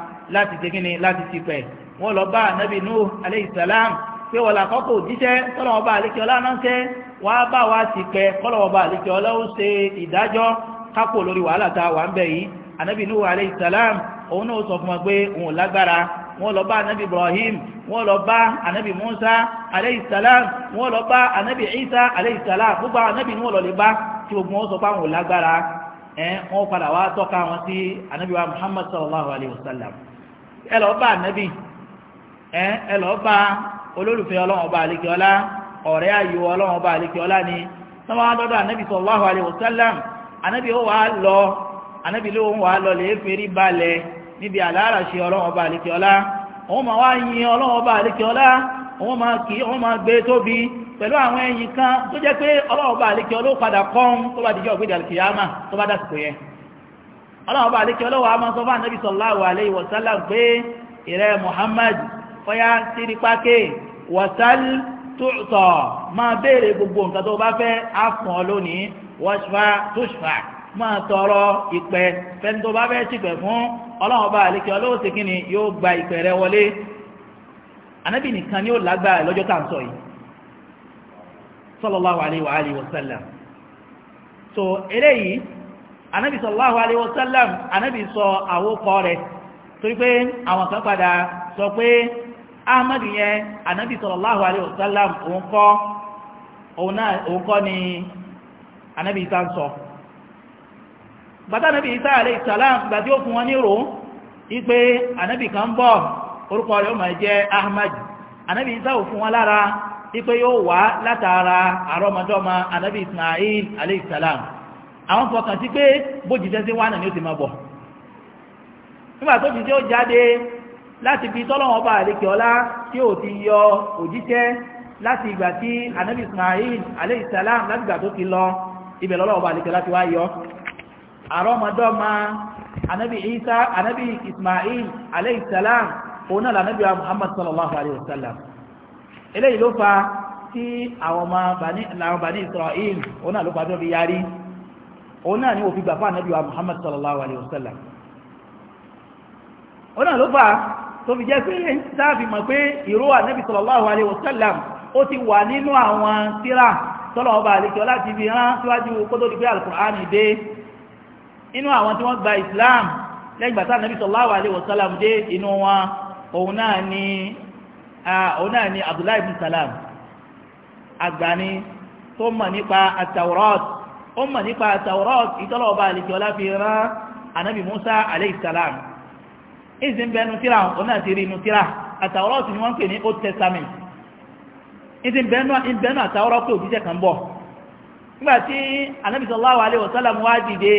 láti ṣe kíni láti ti pẹ̀ wọ́n lọ bá anabi nuh aleyhi salam pé wọ́n là kọ́kọ́ òjíṣẹ́ kọ́lọ́wọ́ bá àlékè ọlá náà ṣe wá bá wa ti pẹ̀ kọ́lọ́wọ́ bá àlékè ọlá ó ṣe ìdájọ́ kápò lórí wàhálà tá a wà ń bẹ̀ yìí anabi nuh aleyhi salam òun náà sọ fún wa pé òun ò lágbára wọ́n lọ bá anabi ibrahim wọ́n lọ bá anabi musa aleyhi salam wọ́n lọ bá anabi isa aleyhi salam gbogbo anabi ni wọ́n lọ lè bá tí ogun wọn sọ pé àwọn ò lágbára ẹ wọ́n padà wá tọ́ka wọn sí anabi wa muhammad sallallahu alayhi wa sallam. ẹlọ lọ bá ànábì ẹ lọ bá olólùfẹ́ ọlọ́run ọba àlekè ọlá ayò ọba àlekè ni sọ́wọ́n adọ́dọ̀ ànábì sallallahu alaihi wasallam ó wàá lọ ànábì ló ń wàá lọ lè fèrí balẹ̀ níbi àlàáràṣe ọlọ́run ọba òun máa wá yin ọba àlekè òun máa kì í òun máa gbé tóbi àwọn kan tó ọba ọlọ́wọ́ bá alékẹ́ ọlọ́wọ́ a máa sọ fún ànábì sallallahu alayhi wa sallam pé ìrẹ́ Muhammad fọ́yá sírí pákè wasal tu'ta máa béèrè gbogbo nǹkan tó bá fẹ́ á fún ọ lónìí washfa tushfa máa tọrọ ìpẹ́ fẹ́ni tó bá fẹ́ tìpẹ́ fún ọlọ́wọ́ bá alékẹ́ ọlọ́wọ́ sì kí ni yóò gba ìpẹ́ rẹ wọlé ànábì nìkan ni ó lágbára lọ́jọ́ tá so eléyìí anábì sallallahu alaihi wasallam anábì sọ àwòkọ rẹ̀ torí pé àwọn kan padà sọ pé ahmadu anábì wasallam ni anábì isa ń sọ bàtà anábì isa alaihi salam gbàtí ó fún wọn ní rò anábì kan bọ̀ orúkọ rẹ̀ ahmadu anábì isa ò fún wọn lára yóò wá látara àrọ́mọdọ́mọ anábì ismail àwọn fọkàn sí pé bójìṣẹ́ sí wánà ni ó ti máa bọ̀ nígbà tó jíṣẹ́ ó jáde láti fi tọ́lọ́wọ́n bá àlékè ọlá tí ó ti yọ òjíṣẹ́ láti ìgbà tí anabi ismail aleyhi salam láti ìgbà tó ti lọ ibẹ̀ lọ́lọ́wọ́ bá àlékè ọlá ti wá yọ àrọ́mọdọ́mọ anabi isa anabi ismail aleyhi salam òun náà lànàbí wa muhammad sallallahu alayhi wa sallam eléyìí ló fa tí àwọn ọmọ bani israel òun náà ló fa tó fi yarí òun náà ni òfin gbà fún ànábì wa Muhammad sallallahu alayhi wa sallam òun náà ló fà tó fi jẹ́ pé sáàfì mọ̀ pé ìró ànábì sallallahu alayhi wa sallam ó ti wà nínú àwọn tírà tọ́lọ̀ ọba àlejò láti fi rán síwájú kó di pé alukur'an dé inú àwọn tí wọ́n gba Islam lẹ́yìn gbàtà ànábì ó mọ̀ nípa taurat ìtọ́lọ̀ọba àlejò láfi rán anábì musa aleyhisselam ìsìn bẹ nutira òun náà ti rí nutira àtaurat ni wọ́n pè ní old testament ìsìn bẹ náà taurat tó jíjẹ kan bọ̀ nígbà tí anábì sallallahu alayhi wa sallam wá dìde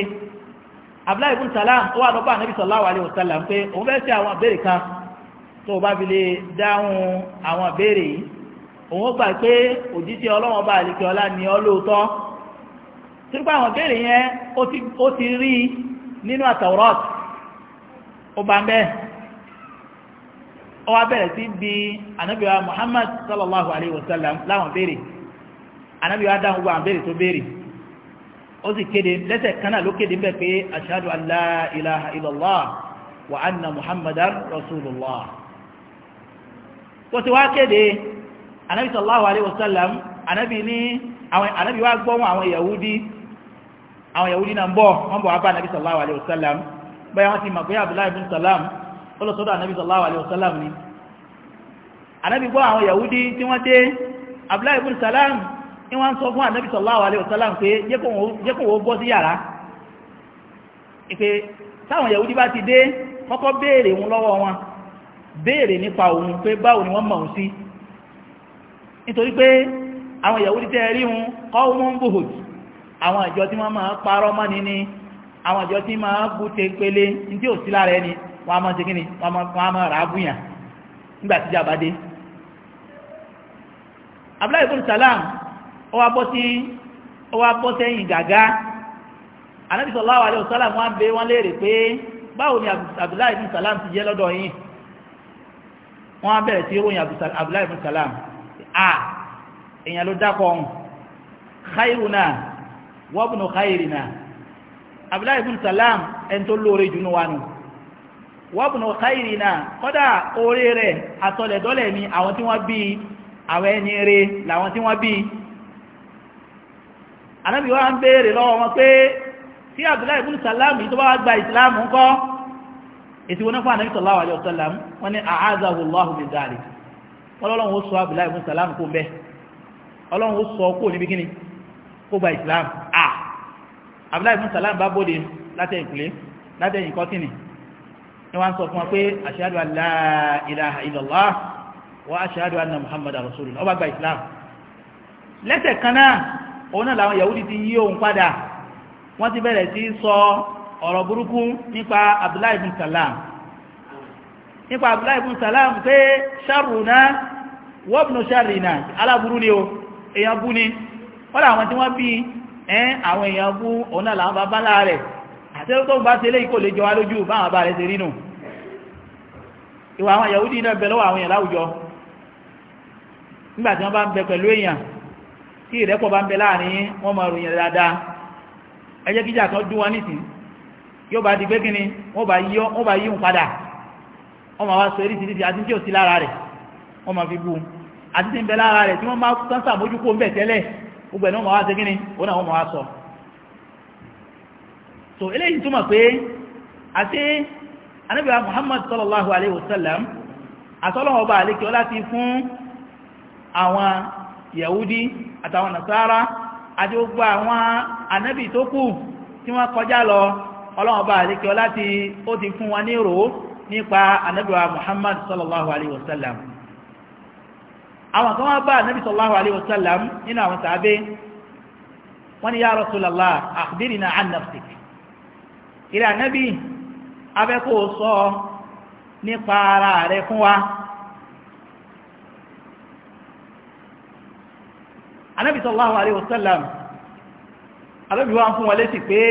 abdullahi ibn salam ó wà lọ bá anábì sallallahu alayhi wa sallam pé òun fẹ́ ṣe àwọn ìbéèrè kan tó bá fi lè dáhùn àwọn ìbéèrè yìí òun gbà pé òjíṣẹ́ ọlọ́wọ́n torí pé àwọn béèrè yẹn ó ti rí nínú àtàwọ̀rọ̀t ó bá ń bẹ́ẹ̀ ó wá bẹ̀rẹ̀ sí bí anábíwá Muhammad sallallahu alaihi wasallam láwọn béèrè anábíwá dáhùn gbogbo àwọn béèrè tó béèrè ó sì kéde lẹ́sẹ̀ kan náà ló kéde bẹ́ẹ̀ pé ashhadu an la ilaha illallah wa anna Muhammadan rasulullah tó ti wá kéde anábí sallallahu alaihi wasallam anábí ní àwọn anábí wá àwọn Yahudi àwọn yahudi na ń bọ̀ wọ́n bọ̀ wá anabi alayhi wa sallam wọ́n ti mọ̀ abdullahi bin salam alayhi ni anabi gbọ́ àwọn yahudi tí wọ́n dé abdullahi bin salam ni wọ́n sọ fún anabi sallallahu alayhi wa sallam pé jẹ́ wọ́n bọ́ sí yàrá táwọn yahudi bá ti dé kọ́kọ́ béèrè wọn lọ́wọ́ wọn béèrè nípa òun pé báwo ni wọ́n mọ̀ sí nítorí pé àwọn yahudi tẹ́ àwọn ìjọ tí wọ́n máa parọ́ mọ́ni ni àwọn ìjọ tí máa bú te pele ní tí ò sí lára ẹni wọ́n máa ṣe kíni wọ́n máa rà á búyàn nígbà tí jàmbá dé abdullahi ibn salam ó wá bọ́ sí ó wá bọ́ sẹ́yìn gàgá anabi sallallahu alaihi wasallam wọ́n bẹ wọ́n léèrè pé báwo ni abdullahi ibn salam ti jẹ́ lọ́dọ̀ yìí wọ́n bẹ̀rẹ̀ sí ròyìn abdullahi ibn salam a èèyàn ló dákọ̀ ọ̀hún khairuna wa ibnu khayrina abdullahi ibn salam ẹni tó lóore jù wá nù wa ibnu khayrina kọ́dà oore rẹ̀ àtọ̀lẹ̀dọ́lẹ̀ ni àwọn tí wọ́n bí àwọn ẹni rẹ̀ làwọn tí wọ́n bí anábì wá ń béèrè lọ́wọ́ wọn pé tí abdullahi ibn salam yìí tó bá wá gba ìsìlámù ń kọ́ wọn fún anábì sallallahu alaihi wasallam wọn ni a'azahu Allahu min dhalik wọn sọ abdullahi ibn salam kó bẹ́ẹ̀ ọlọ́run ó sọ kó níbi kíni kó gba islam à abdullahi bin salam bá bóde látẹ̀yìn kulé látẹ̀yìn kọ́tìnì ni wọ́n sọ fún wa pé ashhadu an la ilaha illallah wa ashhadu anna muhammad rasulullah ọba gba islam lẹ́sẹ̀ kan náà òun náà làwọn yahudi ti yí òun padà wọ́n ti bẹ̀rẹ̀ sí sọ ọ̀rọ̀ burúkú nípa abdullahi bin salam nípa abdullahi bin salam pé sharruna wabnu sharrina aláburú ni o èèyàn bú ni kọ́lá àwọn tí wọ́n bí ẹ́n àwọn èèyàn bú òun náà làwọn bàbá ńlá rẹ̀ àti tó bá ṣe léyìí kò lè jọ wá lójú báwọn bá rẹ̀ ṣe rí nù ìwà àwọn Yahudi náà bẹ lọ́wọ́ àwọn èèyàn láwùjọ nígbà wọ́n bá ń bẹ pẹ̀lú èèyàn tí ìrẹ́pọ̀ bá ń bẹ láàrin wọ́n máa ròyìn di pé kíni wọ́n bá yí òun padà wọ́n máa wá sọ eré títí àti tí ò sí lára rẹ̀ wọ́n máa fi bú àti tí gbogbo ẹ̀nà wọ́n wá ṣe gíní ó náà wọ́n wá sọ so eléyìí túmọ̀ pé àti anábíwá Muhammad sallallahu alaihi wasallam asọ́lọ́wọ́ bá alékẹ́ láti fún àwọn Yahudi àtàwọn Nasara àti gbogbo àwọn anábì tó kù tí wọ́n kọjá lọ ọlọ́wọ́ bá alékẹ́ láti ó ti fún wọn ní rò nípa anábíwá Muhammad sallallahu alaihi wasallam àwọn kan wá bá ànábì sallallahu alayhi wa sallam nínú àwọn sàábé wọ́n ní ya Rasulullah akhbirina an nafsik ìrẹ́ ànábì abẹ́kọ̀ sọ nípa ara rẹ̀ fún wa ànábì sallallahu alayhi wa sallam ànábì wá fún wa létí pé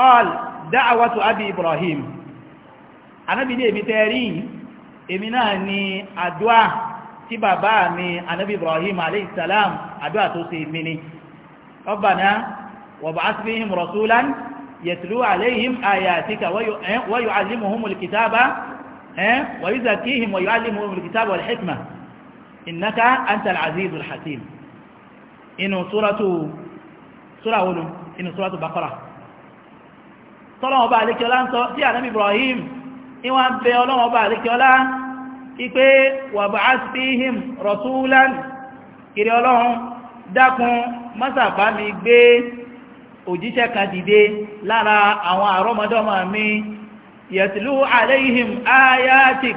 qal da'watu abi Ibrahim ànábì ní èmi tẹ́rí èmi náà ni àdúà tí bàbá mi anabi ibrahim aleyhisselam àdúrà tó ṣe mí ni rabbana wa ba'ath fihim rasulan yatlu alayhim ayatika wa eh, yu'allimuhum alkitaba eh, wa yuzakkihim wa yu'allimuhum alkitaba wal hikma innaka anta al-aziz al-hakim suratu sura wolu suratu baqara tọ́lọ́wọ́ bá alékiọlá ń sọ tí anabi ibrahim ìwọ̀n bẹ ọlọ́wọ́ bá alékiọlá ipé wàbàá fíhìm rọ̀túlán kiri ọlọ́run dákun mọ́sàbá mi gbé òjíṣẹ́ kan dìde lára àwọn àrọ́mọdọ́mọ mi yẹ̀tìlú aléhìm ayatik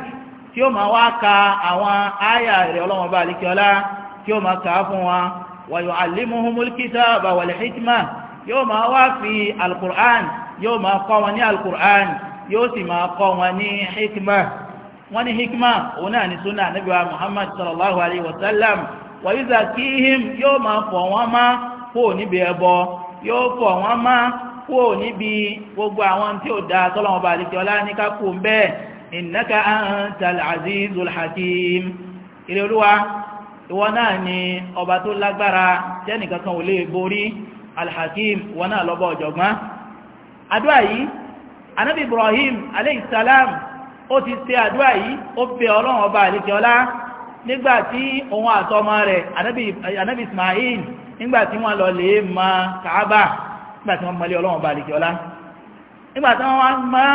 tí ó ma wá ka àwọn aya rẹ̀ ọlọ́run bá alikiola tí ó ma ka fún wa wàyọ̀ alimuhumul kitaba wal yóò ma wá fi alkùrán yóò ma kọ́ wọn ní alkùrán yóò sì ma kọ́ wọn ní hikma wọ́n ní hikma òun náà ní súnà níbiwá muhammad sallallahu alayhi wa sallam wa yuzakihim yóò máa fọ̀ wọ́n má kó níbi ẹbọ yóò fọ̀ wọ́n má kó níbi gbogbo àwọn tí ó da tọ́lọ́mọba àdìkíọ́lá ní ká kú bẹ́ẹ̀ innaka antal azizul hakim ilé olúwa ìwọ náà ni ọba tó lágbára tẹ́nìkankan ò lè borí alhakim ìwọ náà lọ́bọ̀ ọ̀jọ̀gbọ́n àdúrà yìí anabi ibrahim aleyhisalaam ó ti ṣe àdúrà yìí ó bẹ ọlọ́run ọba àríkẹ́ ọlá nígbàtí òun àtọmọ rẹ̀ anábì Ismail nígbàtí wọ́n lọ lè ma Kaaba nígbàtí wọ́n mọ́lé ọlọ́run ọba àríkẹ́ ọlá nígbàtí wọ́n ma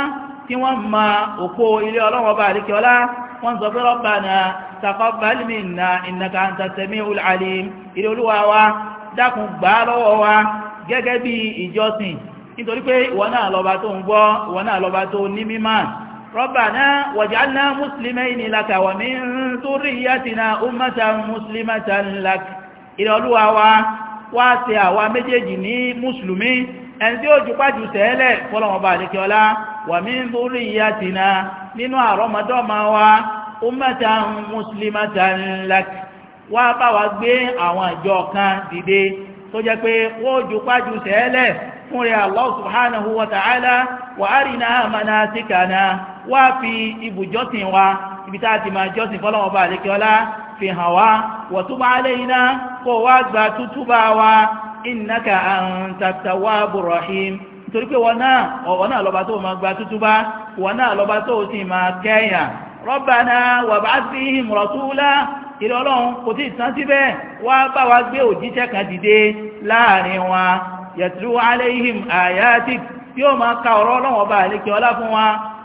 tí wọ́n ma òpó ilé ọlọ́run ọba àríkẹ́ ọlá wọ́n sọ pé Rabbana taqabbal minna innaka anta sami'ul náà ربنا واجعلنا مسلمين لك ومن ذريتنا أمة مسلمة لك إلى الواوى واسع ومجيجني مسلمين ẹnzí ojú pàjù tẹ́lẹ̀ fọ́lọ̀mọ̀bà àdíkẹ́ọlá wà mí ń búrú ìyá tìna nínú àrọ́mọdọ́mà wa ọmọta mùsùlùmọ́ta lak wá bá wa gbé àwọn àjọ kan dìde tó jẹ́ pé ojú pàjù tẹ́lẹ̀ fún rẹ̀ Allah subhanahu wa ta'ala wa arina manasikana wá fi ibùjọ́sìn wa ibi tá a ti máa jọ́sìn fọ́lọ́wọ́ bá àlékè ọlá fi hàn wá wọ̀túbà aléyìnà kó wá gba tútúbà wa innaka anta tawwabur rahim nítorí pé wọn náà lọ́ba tó máa gba tútúbà wọn náà lọ́ba tó sì máa kẹ́yàn rabbana wab'ath fihim rasula ìrẹ́ ọlọ́run kò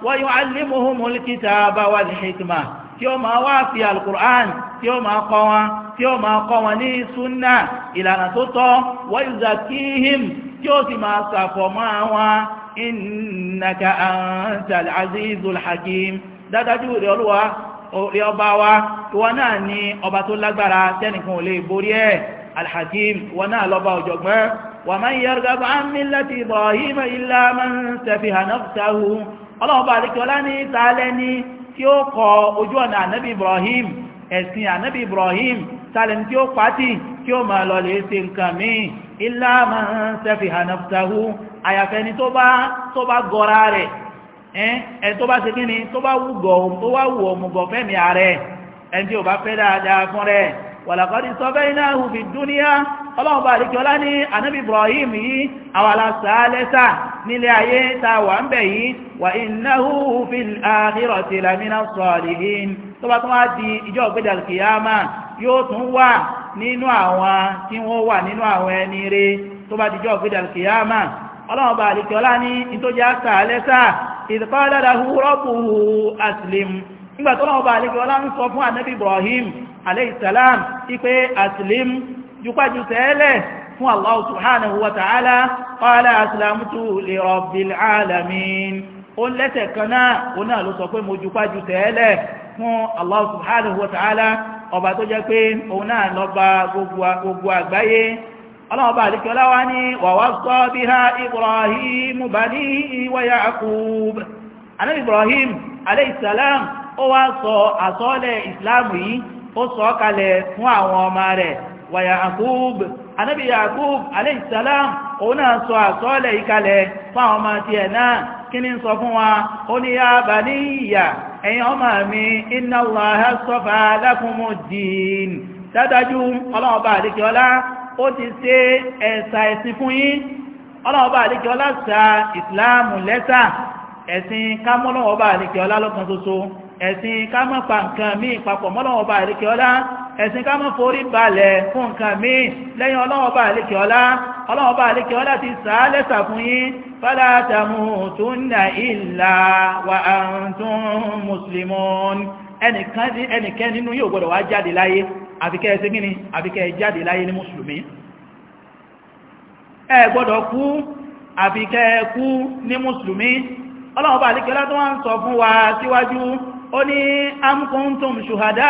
wa yu'allimuhumul kitaba wal hikma tí ó máa wá fi alukur'an tí ó máa kọ́ wọn tí ó máa kọ́ wọn ní súnà ìlànà tó tọ́ wa yuzakkihim tí ó sì máa ṣàfọ̀mọ́ wọn innaka antal azizul hakim dádájú rẹ̀ olúwa rẹ̀ ọba wa ìwọ náà ni ọba tó lágbára tẹ́nìkan ò lè borí ẹ̀ alhakim ìwọ náà lọ́ba ọ̀jọ̀gbọ́n wa man yarghabu an millati ibrahima illa man safiha nafsahu ọlọ́run bá àdékẹ́ ọlá ní tààlẹ́ ní tí ó kọ ojú ọ̀nà ànábì Ibrahim ẹ̀sìn ànábì Ibrahim tààlẹ́ ní tí ó pàtì kí ó máa lọ lè ṣe nǹkan míì illa man safiha nafsahu àyàfẹ́ni tó bá tó rẹ̀ ẹni tó bá ṣe kí ni tó bá wù ọmọgọ̀ fẹ́mi ààrẹ ẹni tí ò bá fẹ́ dáadáa fún rẹ̀ wa laqad safainahu fid dunya ọlọ́run bá àríkẹ́ ọlá ní ànábì Ibrahim yìí àwàlá sàálẹ́sà nílé ayé ta wà ń bẹ̀ yìí wà innahu fil akhirati lamina salihin tó bá tún wá di ìjọ ògbéjà kìyàmà yóò tún wà nínú àwọn tí wọ́n wà nínú àwọn ẹni rẹ̀ tó bá di ìjọ ògbéjà kìyàmà ọlọ́run bá àríkẹ́ ọlá ní ń sọ fún ànábì Ibrahim alayhi salam ipe aslim jùpájù tẹ́lẹ̀ fún Allah subhanahu wa ta'ala qala aslamtu li rabbil alamin ó lẹ́sẹ̀ kan náà ó náà ló sọ pé mo jùpájù tẹ́lẹ̀ fún Allah subhanahu wa ta'ala ọba tó jẹ́ pé òun náà lọ gbogbo àgbáyé ọlọ́ọ̀bá ó wá fún àwọn ọmọ rẹ̀ wa yaakub anabi yaakub alayhi salam ona so aso le ikale fa o ti ena kini so fun wa oni ya baniya eyan mi inna allaha safa lakum ad-din tadaju olorun ba de o ti se esa esi fun yin olorun ba sa islam leta esin ka mo olorun ba de ki ola esin ka mo pa nkan mi ẹ̀sìn ká mọ́ forí balẹ̀ fún nǹkan míì lẹ́yìn ọlọ́wọ́bà àlékè ọlá ọlọ́wọ́bà àlékè ọlá ti sàá lẹ́sà fún yín fala tamutunna illa wa antum muslimun ẹnìkan nínú yóò gbọ́dọ̀ wá jáde láyé àfikẹ́ ẹsẹ́ gíní àfikẹ́ jáde láyé ní mùsùlùmí ẹ gbọ́dọ̀ kú àfikẹ́ kú ní mùsùlùmí ọlọ́wọ́bà àlékè ọlá tó wá ń ó ní am shuhada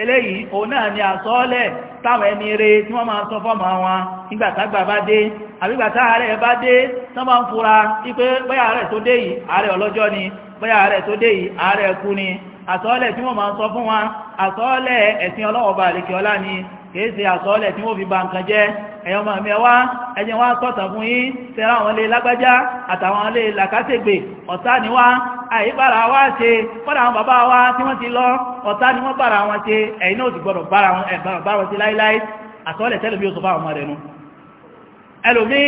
eléyìí o náà ni àsọ́ọ́lẹ̀ táwọn ẹni rẹ̀ tí wọ́n máa sọ fọ́mọ wọn nígbàtàgbà bá dé àbígbàtà ààrẹ bá dé tán bá ń fura wípé bóyá ààrẹ tó dé yìí ààrẹ ọlọ́jọ́ ni bóyá ààrẹ tó dé yìí ààrẹ ẹkú ni àsọ́ọ́lẹ̀ tí wọ́n máa sọ fún wọn àsọ́ọ́lẹ̀ ẹ̀sìn ni àsọ́ọ́lẹ̀ ẹ̀yọ́ máa mi ẹwà ẹjẹ́ wá sọ́tàn fún yí tẹ́ra àwọn ilé lágbájá àtàwọn ilé làkásẹ̀gbè ọ̀tá ni wá àìbára wá ṣe fọ́dà àwọn bàbá wa tí wọ́n ti lọ ọ̀tá ni wọ́n bára wọn ṣe ẹ̀yin náà ti gbọ́dọ̀ bára wọn ṣe láíláí àtọ́lẹ̀ tẹ́lẹ̀ bí ó sọ fáwọn ọmọ rẹ̀ nu ẹlòmí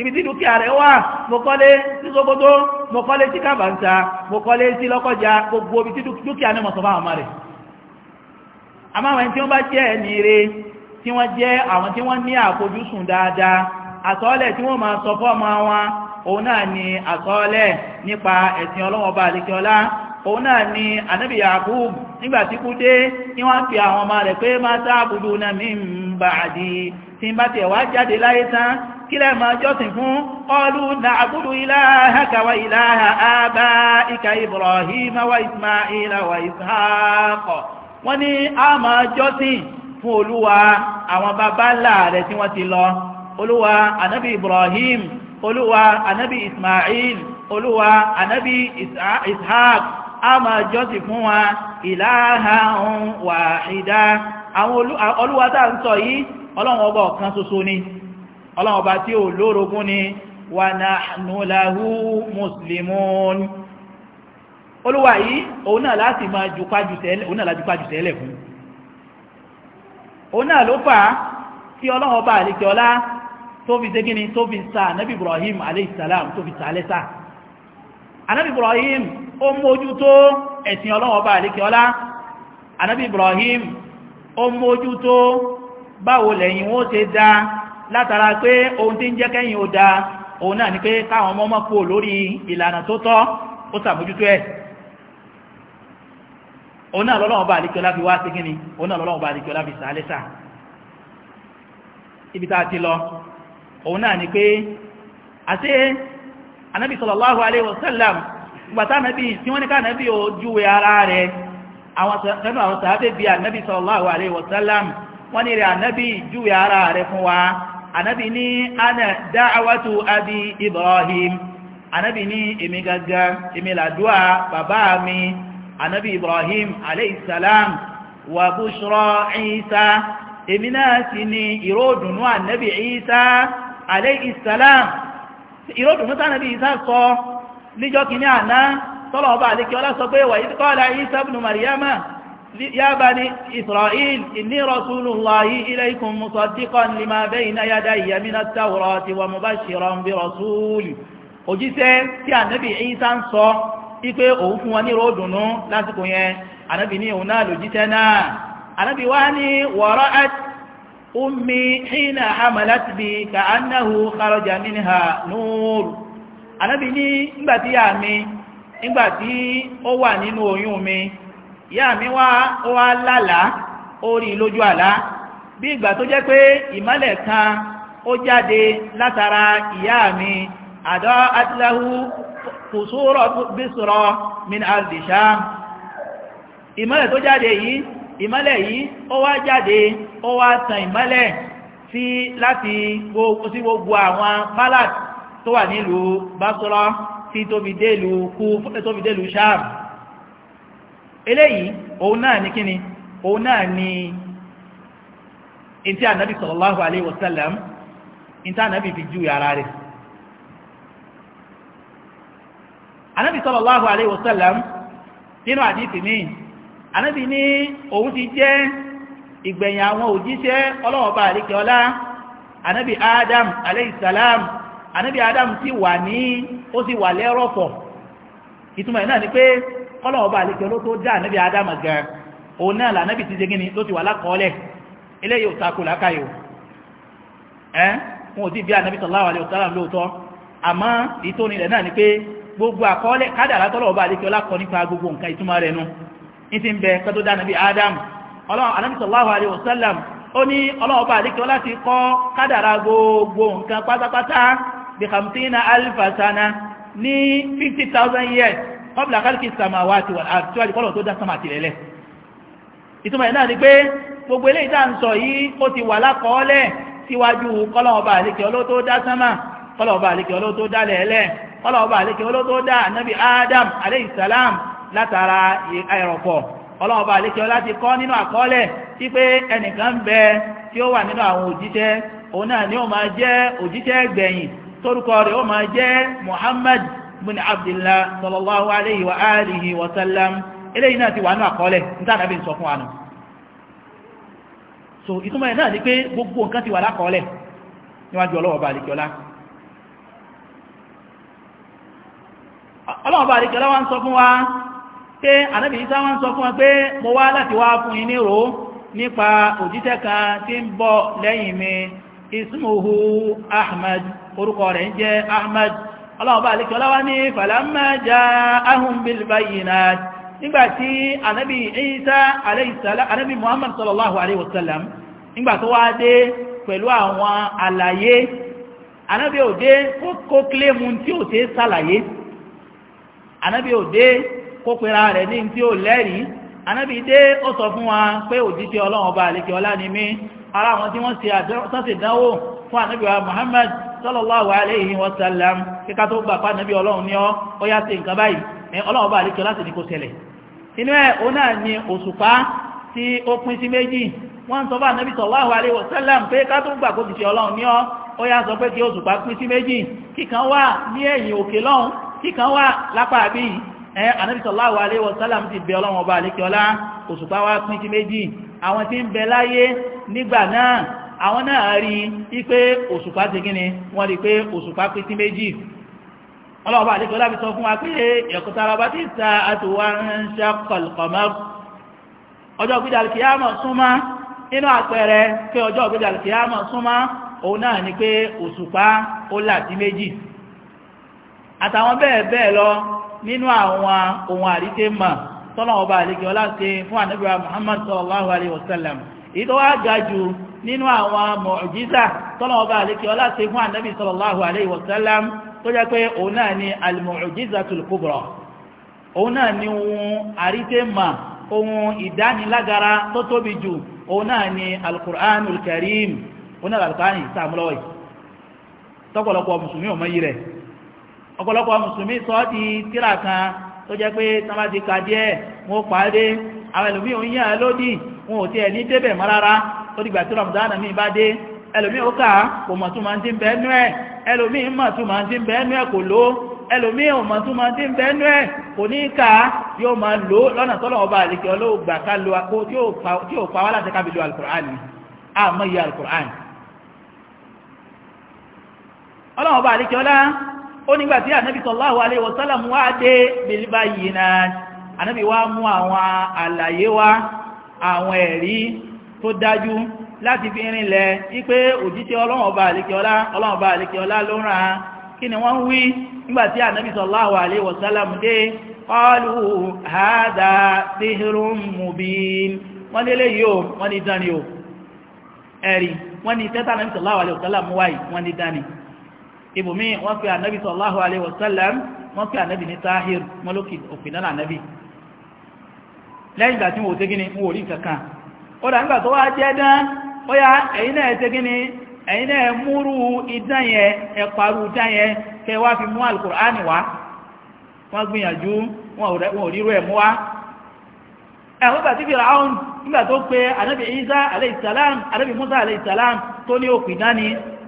ibi tí dúkìá rẹ̀ tí wọ́n jẹ́ àwọn tí wọ́n ní àfojúsùn dáadáa àsọ́ọ́lẹ̀ tí wọ́n máa sọ fọ́ọ̀mọ́ wọn òun náà ni àsọ́ọ́lẹ̀ nípa ẹ̀sìn ọlọ́wọ́ba àdékẹ́ọlá òun náà ni ànábì Yakub nígbà tí kú dé ní wọ́n fi àwọn ọmọ rẹ̀ pé máa sáàbùdù náà mi ń bà àdì tí n bá tiẹ̀ wá jáde láyé tán kí lẹ́ máa jọ́sìn fún ọlú na àbúrú ilaha wa ilaha àbá ìka Ibrahim wa Ismaila wa Ishaq wọ́n ní a máa jọ́sìn fún olúwa àwọn bàbá ńlá rẹ̀ tí wọ́n ti lọ olúwa anabi ibrahim olúwa anabi ismail olúwa anabi ishaq a máa jọ́sìn fún wa ìlàhà ń wà ìdá àwọn olúwa tá à ń sọ yìí ọlọ́run ọba ọ̀kan ṣoṣo ni ọlọ́run ọba tí ò lórogún ni wa nahnu lahu muslimun olúwa yìí òun náà láti máa jùpájù tẹ́lẹ̀ fún onu náà ló fà á tí ọlọ́run ọba àlejò ọlá tó fi dégínní tó fi sa anabi ibrahim aleyhisselam tó fi sa lẹ́sà anabi ibrahim ó mójútó ẹ̀sìn ọlọ́run ọba àlejò ọlá anabi ibrahim ó mójútó báwo lẹ́yìn wọ́n dá látara pé ohun tí ń jẹ́ kẹ́yìn ó dá òun náà ni pé káwọn ọmọ ọmọ lórí òun náà lọ́lọ́wọ́ bá àdíkẹ́ láfi wá sí kí ni òun náà lọ́lọ́wọ́ bá àdíkẹ́ láfi sàálẹ́sà ibi tá a ti lọ òun náà ni pé àti anábì sallallahu alaihi wasallam gbàtà anábì tí wọ́n ní ká anábì ó júwe ara rẹ̀ àwọn sàábẹ̀ bí anábì sallallahu alaihi wasallam wọ́n ní rẹ̀ anábì júwe anabi ibrahim aleyhisselam wà bushra isa èmi náà sì ni ìròdùnú anabi isa aleyhisselam ìròdùnú tánàbí isa sọ níjọ́ kìíní àná tọ́lọ̀ ọba àdíkẹ́ ọlá sọ pé wà ìdíkọ́lá isa ibn maryama ya bani isra'il inni rasulullahi ilaykum musaddiqan lima bayna yadayya min at-taurati wa mubashiran bi rasul òjíṣẹ́ tí ànábì isa ń sọ ipe òun fún wọn ní ròdùnú lásìkò yẹn anábì ní òun náà lòjíṣẹ́ náà anábì wá ní wara'at ummi hina hamalat bi ka'annahu kharaja minha nur anábì ní ngbàtí yà mi ngbàtí ó wà nínú oyún mi yà mi wá wa wá lálàá ó lójú àlá bí ìgbà tó jẹ́ pé kan ó jáde látara ìyá mi àdọ́ kùsùrọ̀ bísùrọ̀ min aldisham ìmọ́lẹ̀ tó jáde yìí ìmọ́lẹ̀ yìí ó wá jáde ó wá tàn ìmọ́lẹ̀ sí láti gbogbo àwọn palace tó wà nílùú basura tí tó fi délùú sham eléyìí òun náà ní kíni òun náà ní ìntí ànábì sallallahu alaihi wasallam ìntí ànábì fi jù yàrá rẹ̀ anábì sallallahu alaihi wasallam nínú àdífì mi anábì ní òun ti jẹ́ ìgbẹ̀yìn àwọn òjíṣẹ́ ọlọ́ọ̀bá àríkẹ́ ọlá anábì adam alaihi salam anábì adam ti wà ní ó sì wà lẹ́rọ̀fọ̀ ìtumọ̀ ẹ̀ náà ni pé ọlọ́ọ̀bá àríkẹ́ ló tó dá anábì adam gan òun náà lànábì ti ṣe gíní ló ti wà lákọọ́lẹ̀ eléyìí ò takò lákàyò ẹ́ wọn ò sì bí anábì gbogbo àkọọ́lẹ̀ kádàrá tọ́lọ̀ ọba àdékẹ́ ọlákọ̀ nípa gbogbo nǹkan ìtumọ̀ rẹ̀ nu ní ti ń bẹ kẹ́tó dá nàbí Adam ọlọ́run sallallahu alaihi wasallam ó ní ọlọ́run ọba àdékẹ́ ọlá ti kọ́ kádàrá gbogbo nǹkan pátápátá bí fifty thousand years qabla kálíkì samawati wal ard tí wàá di kọ́lọ̀ tó dá sàmà tìrẹ̀lẹ̀ ìtumọ̀ yẹn náà ni pé gbogbo eléyìí tá à ń sọ yìí ó ọlọ́ọ̀bá àlékè olótó dá ànábì adam aleyhi salam látara ẹ̀rọ̀pọ̀ ọlọ́ọ̀bá àlékè ọlá ti kọ́ nínú àkọọ́lẹ̀ tí pé ẹnìkan ń bẹ tí ó wà nínú àwọn òjíṣẹ́ òun náà ni ó máa jẹ́ òjíṣẹ́ gbẹ̀yìn tórúkọ rẹ̀ ó máa jẹ́ muhammad bin abdullah sallallahu alayhi wa alihi wa sallam eléyìí náà ti wà nínú àkọọ́lẹ̀ ọlọ́run bá àríkẹ́ lọ́wọ́ ń sọ fún wa pé ànábì Ìsá wọ́n sọ fún wa pé mo wá láti wá fún yín nírò nípa òjíṣẹ́ kan tí ń bọ̀ lẹ́yìn mi ismuhu ahmad orúkọ rẹ̀ ń jẹ́ ahmad ọlọ́run bá àríkẹ́ lọ́wọ́ ní falamma ja'ahum bil bayyinat nígbàtí ànábì Ìsá anábì ò dé kó pera rẹ̀ ní tí ó lẹ́rìí anábì dé ó sọ fún wa pé òjíṣẹ́ ọlọ́run ọba àlekè ọlá ni mí ara wọn tí wọ́n ṣe dánwò fún anábì wa Muhammad sallallahu alayhi wa sallam kíká tó gbà pa anábì ọlọ́run ní ọ ó yá ṣe nǹkan báyìí ọlọ́run ọba àlekè ọlá sì ní kó ṣẹlẹ̀ inú ẹ̀ òun náà ni òṣùpá tí ó pín sí méjì wọ́n sọ bá nẹ́bí sallallahu alaihi wasallam pé ká tó gbà kó ti ṣe ọlọ́run ní ọ́ ó yá sọ pé kí ó pín sí méjì kíkan wà ní ẹ̀yìn òkè lọ́hun kíkan wà lápá àbí ẹ Ànábì sallallahu alaihi wasallam ti bẹ ọlọ́run ọba àlékè ọlá òṣùpá wá pín sí méjì àwọn tí ń bẹ láyé nígbà náà àwọn náà rí i pé òṣùpá ti gíní wọ́n rí i pé òṣùpá pín sí méjì ọlọ́run ọba àlékè ọlá fi sọ fún wa pé ẹ̀kọ́tàràbá ti ta àtòwà ń ṣàkọl qamar ọjọ́ gbídàlùkìyàmọ̀ súnmọ́ inú àpẹẹrẹ pé ọjọ́ gbídàlùkìyàmọ̀ súnmọ́ òun náà ni pé òṣùpá ó là sí méjì àtàwọn bẹ́ẹ̀ bẹ́ẹ̀ lọ nínú àwọn ohun arite mọ̀ tọ́lọ̀ ọba àlejò láti fún ànábìwá Muhammad sallallahu alayhi wa sallam wá ninu nínú àwọn ọba àlejò láti fún ànábì sallallahu alayhi wa tó jẹ́ pé òun náà ni al kubra òun náà ni ohun arite mọ̀ ohun ìdánilágara tó tóbi jù òun náà ni òun náà tọ́pọ̀lọpọ̀ ọ̀pọ̀lọpọ̀ mùsùlùmí sọ ọ́ di tíra kan tó jẹ́ pé tán bá ti ka díẹ̀ wọn ó parí àwọn ẹlòmíì ń yàn án lódì wọn ò tiẹ̀ ní débẹ̀ mọ́ rárá ó dìgbà tí rọ̀mùdánà míì bá dé ẹlòmíì ó kà á kò mọ̀ tún máa ń dín bẹ́ẹ̀ nú ẹ̀ ẹlòmíì mọ̀ tún máa ń dín bẹ́ẹ̀ nú ẹ̀ kò ló ẹlòmíì ò mọ̀ tún máa ń dín bẹ́ẹ̀ nú ẹ̀ kò ní kà yóò máa lò lọ́nà tọ́lọ̀ ọba àlekè ọlọ́wọ́ ó nígbà tí ànábì sallallahu alaihi wasallam wá dé bil na ànábì wá mú àwọn àlàyé wá àwọn ẹ̀rí tó dájú fi rinlẹ̀ wípé òjíṣẹ́ ọlọ́run ọba àlékiọlá kí ni wọ́n wí nígbà tí ànábì sallallahu alaihi dé o ẹ̀rí wọ́n ní ibùmí wọ́n pe ànábì sallallahu alaihi wasallam wọ́n pe ànábì ní tahir mọ́lókì òfìnàlà ànábì lẹ́yìn ìgbà tí wọ́n tẹ́ gíní wọ́n rí kankan ó dà nígbà tó wá jẹ́ dán ó yá ẹ̀yin náà tẹ́ gíní ẹ̀yin náà múrú idán yẹn ẹ̀pàrú yẹn kẹ wá fi mú wọ́n gbìyànjú wọn ò mú wá Isa Musa tó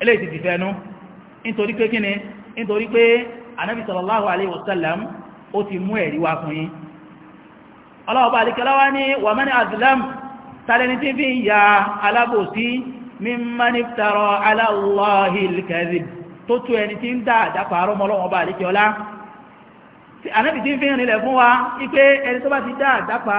eléyìí ti ti fẹ́nu nítorí pé kíni nítorí pé anábì sallallahu alaihi wasallam ó ti mú ẹ̀rí wá fún yín ọlọ́ọ̀bá àdìkẹ́láwá ní wàmánì azlam tàlẹ́ni tí fi ń ya alábòsí mímánì tàrọ aláwọ̀láhì kẹ́zìb tó tó ẹni tí ń dá àdápa arọ́mọlọ́wọ́ bá àdìkẹ́ọlá anábì tí fi ń rìnlẹ̀ fún wa ipé ẹni tó bá ti dá àdápa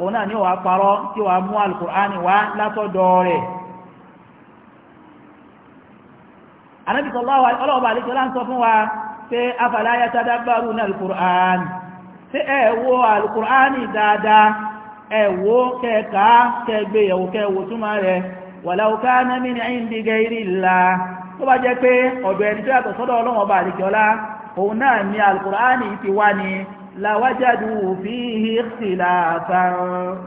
òun náà ni wàá parọ́ tí wàá mú alukur'ani wá látọ̀dọ̀ rẹ̀ anabi sallallahu alaihi wasallam ọlọ́ọ̀bà àlejò láǹsọ fún wa pé afala yatadabbaruna alukur'an ṣé ẹ wo alukur'ani dáadáa ẹ wo kẹka kẹgbéyàwó kẹwò túmọ̀ rẹ̀ walau kana min indi ghairi llah tó bá jẹ́ pé ọ̀dọ̀ ẹni tó yàtọ̀ sọ́dọ̀ ọlọ́wọ̀n ọba àlejò ọlá òun náà ni alukur'ani ti wá ni làwájádù fihi ikhtilafan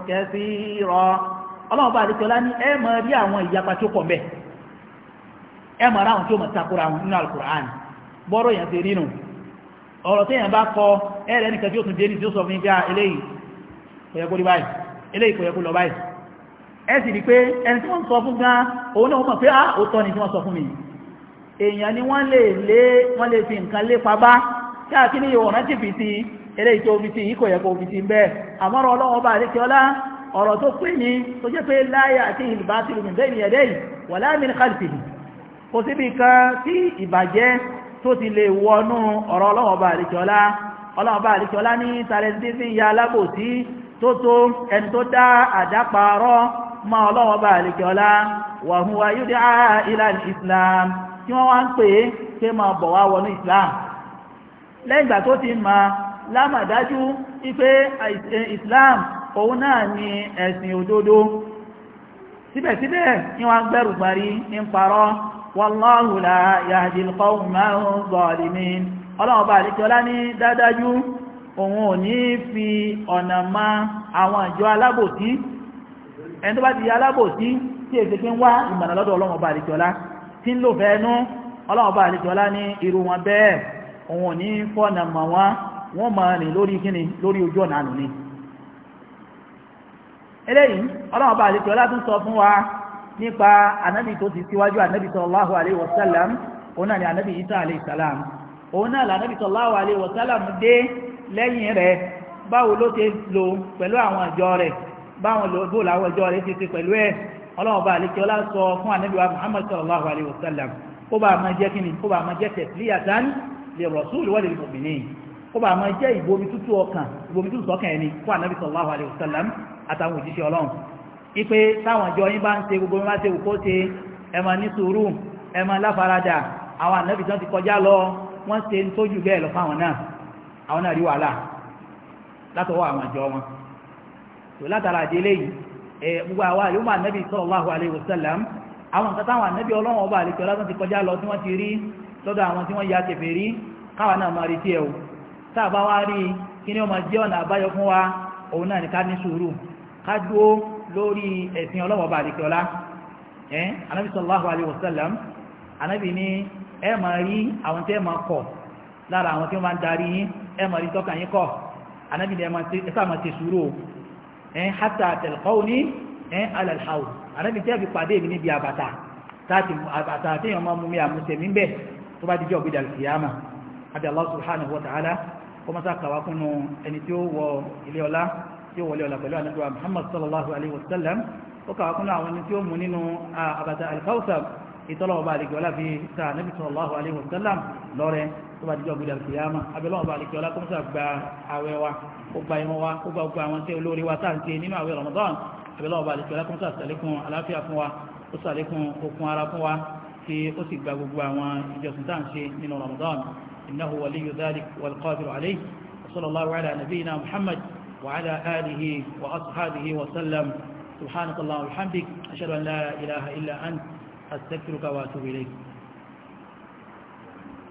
kathira ọlọ́run bá àdìsọ́lá ní ẹ máa rí àwọn ìyapa tó pọ̀ bẹ́ẹ̀ ẹ máa rí àwọn tó máa takora àwọn nínú alukur'an bọ́rọ̀ yẹn ti rínú ọ̀rọ̀ tí yẹn bá kọ ẹ̀rẹ́ nìkan tí ó tún dé ní tí ó sọ fún yín bí i ah, eléyìí kò yẹ kó rí báyìí eléyìí kò yẹ kó lọ báyìí ẹ sì rí pé ah, ni wọ́n sọ fún mi lé wọ́n lè fi nǹkan lépa bá ìwọ̀n rántí fi ti eléyìí tó fi ti yìí kò yẹ kó fi ti bẹ́ẹ̀ àmọ́rọ̀ ọlọ́wọ́ bá àdékẹ́ ọlá ọ̀rọ̀ tó pé ní tó jẹ́ pé láyà àti ìlúbátìlù min bayni yadayhi wala min khalfihi kò síbi kan tí ìbàjẹ́ tó ti lè wọnú ọ̀rọ̀ ọlọ́wọ́ bá àdékẹ́ ọlá ọlọ́wọ́ bá àdékẹ́ ọlá ní tàrẹ́sídẹ́sí ya alábòsí tó tó ẹni tó dá lẹ́yìn ìgbà tó ti ma lámàdájú wípé islam òun náà ni ẹ̀sìn òdodo síbẹ̀síbẹ̀ ni wọ́n gbẹ̀rù parí ń parọ́ wallahu la yahdil qawmal zalimin ọlọ́ọ̀bá àdíkọ́lá ní dádájú òun ò ní fi ọ̀nà ma àwọn àjọ alábòsí ẹni tó bá ti yá alábòsí tí èsì pín wá ìmọ̀nà lọ́dọ̀ ọlọ́ọ̀bá àdíkọ́lá tí ń wọ́n máa rìn lórí kíni lórí ojú ọ̀nà ànù ni eléyìí ọlọ́run bá àlejò ọlátún sọ fún wa nípa ànábì tó ti síwájú ànábì sallallahu alaihi wasallam òun náà ni ànábì Isa alaihi salam òun náà lànábì sallallahu alaihi wasallam dé lẹ́yìn rẹ̀ báwo ló ti lò pẹ̀lú àwọn ìjọ rẹ̀ báwọn lòbó làwọn ìjọ rẹ̀ ti ti pẹ̀lú ẹ̀ ọlọ́run bá sọ fún ànábì wa Muhammad sallallahu alaihi kó bá máa jẹ́ ìbomi tútù ọkàn ìbomi tútù sọ́kàn ẹni fún ànábì sallallahu alaihi wasallam àtàwọn òjíṣẹ́ ọlọ́run ipe táwọn ìjọ yín bá ń ṣe gbogbo bá ṣe kó ṣe ẹ máa ní sùúrù ẹ máa láfaradà àwọn ànábì tí wọ́n ti kọjá lọ wọ́n ṣe ń tójú bẹ́ẹ̀ lọ fáwọn náà àwọn náà rí wàhálà látọwọ́ àwọn ìjọ wọn tó látara àdélé yìí ẹ gbogbo àwa àlùmọ́ ànábì sallallahu alaihi wasallam àwọn nǹkan táwọn ànábì ọlọ́run rí tí wọ́n o tàbá wá rí kí ní ó máa jẹ́ ọ̀nà àbáyọ fún wa òun náà ní ká ní sùúrù ká dúó lórí ẹ̀sìn ọlọ́wọ̀ba àdìkọ́lá ẹ́ anábì sallallahu alaihi wasallam anábì ní ẹ máa rí àwọn tẹ́ máa kọ̀ lára àwọn tí wọ́n máa ń darí yín ẹ máa rí tọ́ka yín kọ̀ anábì ní ẹ sáà Allah subhanahu wa ta'ala kọmọ́sá kàwá kúnnú ẹni tí ó wọ ilé ọlá tí ó wọlé ọlá pẹ̀lú ànábì muhammad sallallahu alaihi wasallam ó kàwá kúnnú àwọn ẹni tí ó mú nínú àbàtà alkausar ìtọ́lọ̀ọba àlejòọ́lá fi ta ànábì sallallahu alaihi wasallam lọ́rẹ tó bá dijọ́ gbúdà kìyàmà abẹ́lọ́ọba àlejòọ́lá kọmọ́sá gba àwẹ̀ wa ó gba ìmọ̀ wa ó gba gbogbo àwọn tí olórí wa tá à ń ṣe nínú àwẹ̀ ramadan abẹ́lọ́ọba àlejòọ́lá sì gba gbogbo àwọn ìjọsìn tá ń ṣe nínú ramadan إنه ولي ذلك والقادر عليه وصلى الله على نبينا محمد وعلى آله وأصحابه وسلم سبحانك اللهم وبحمدك أشهد أن لا إله إلا أنت أستغفرك وأتوب إليك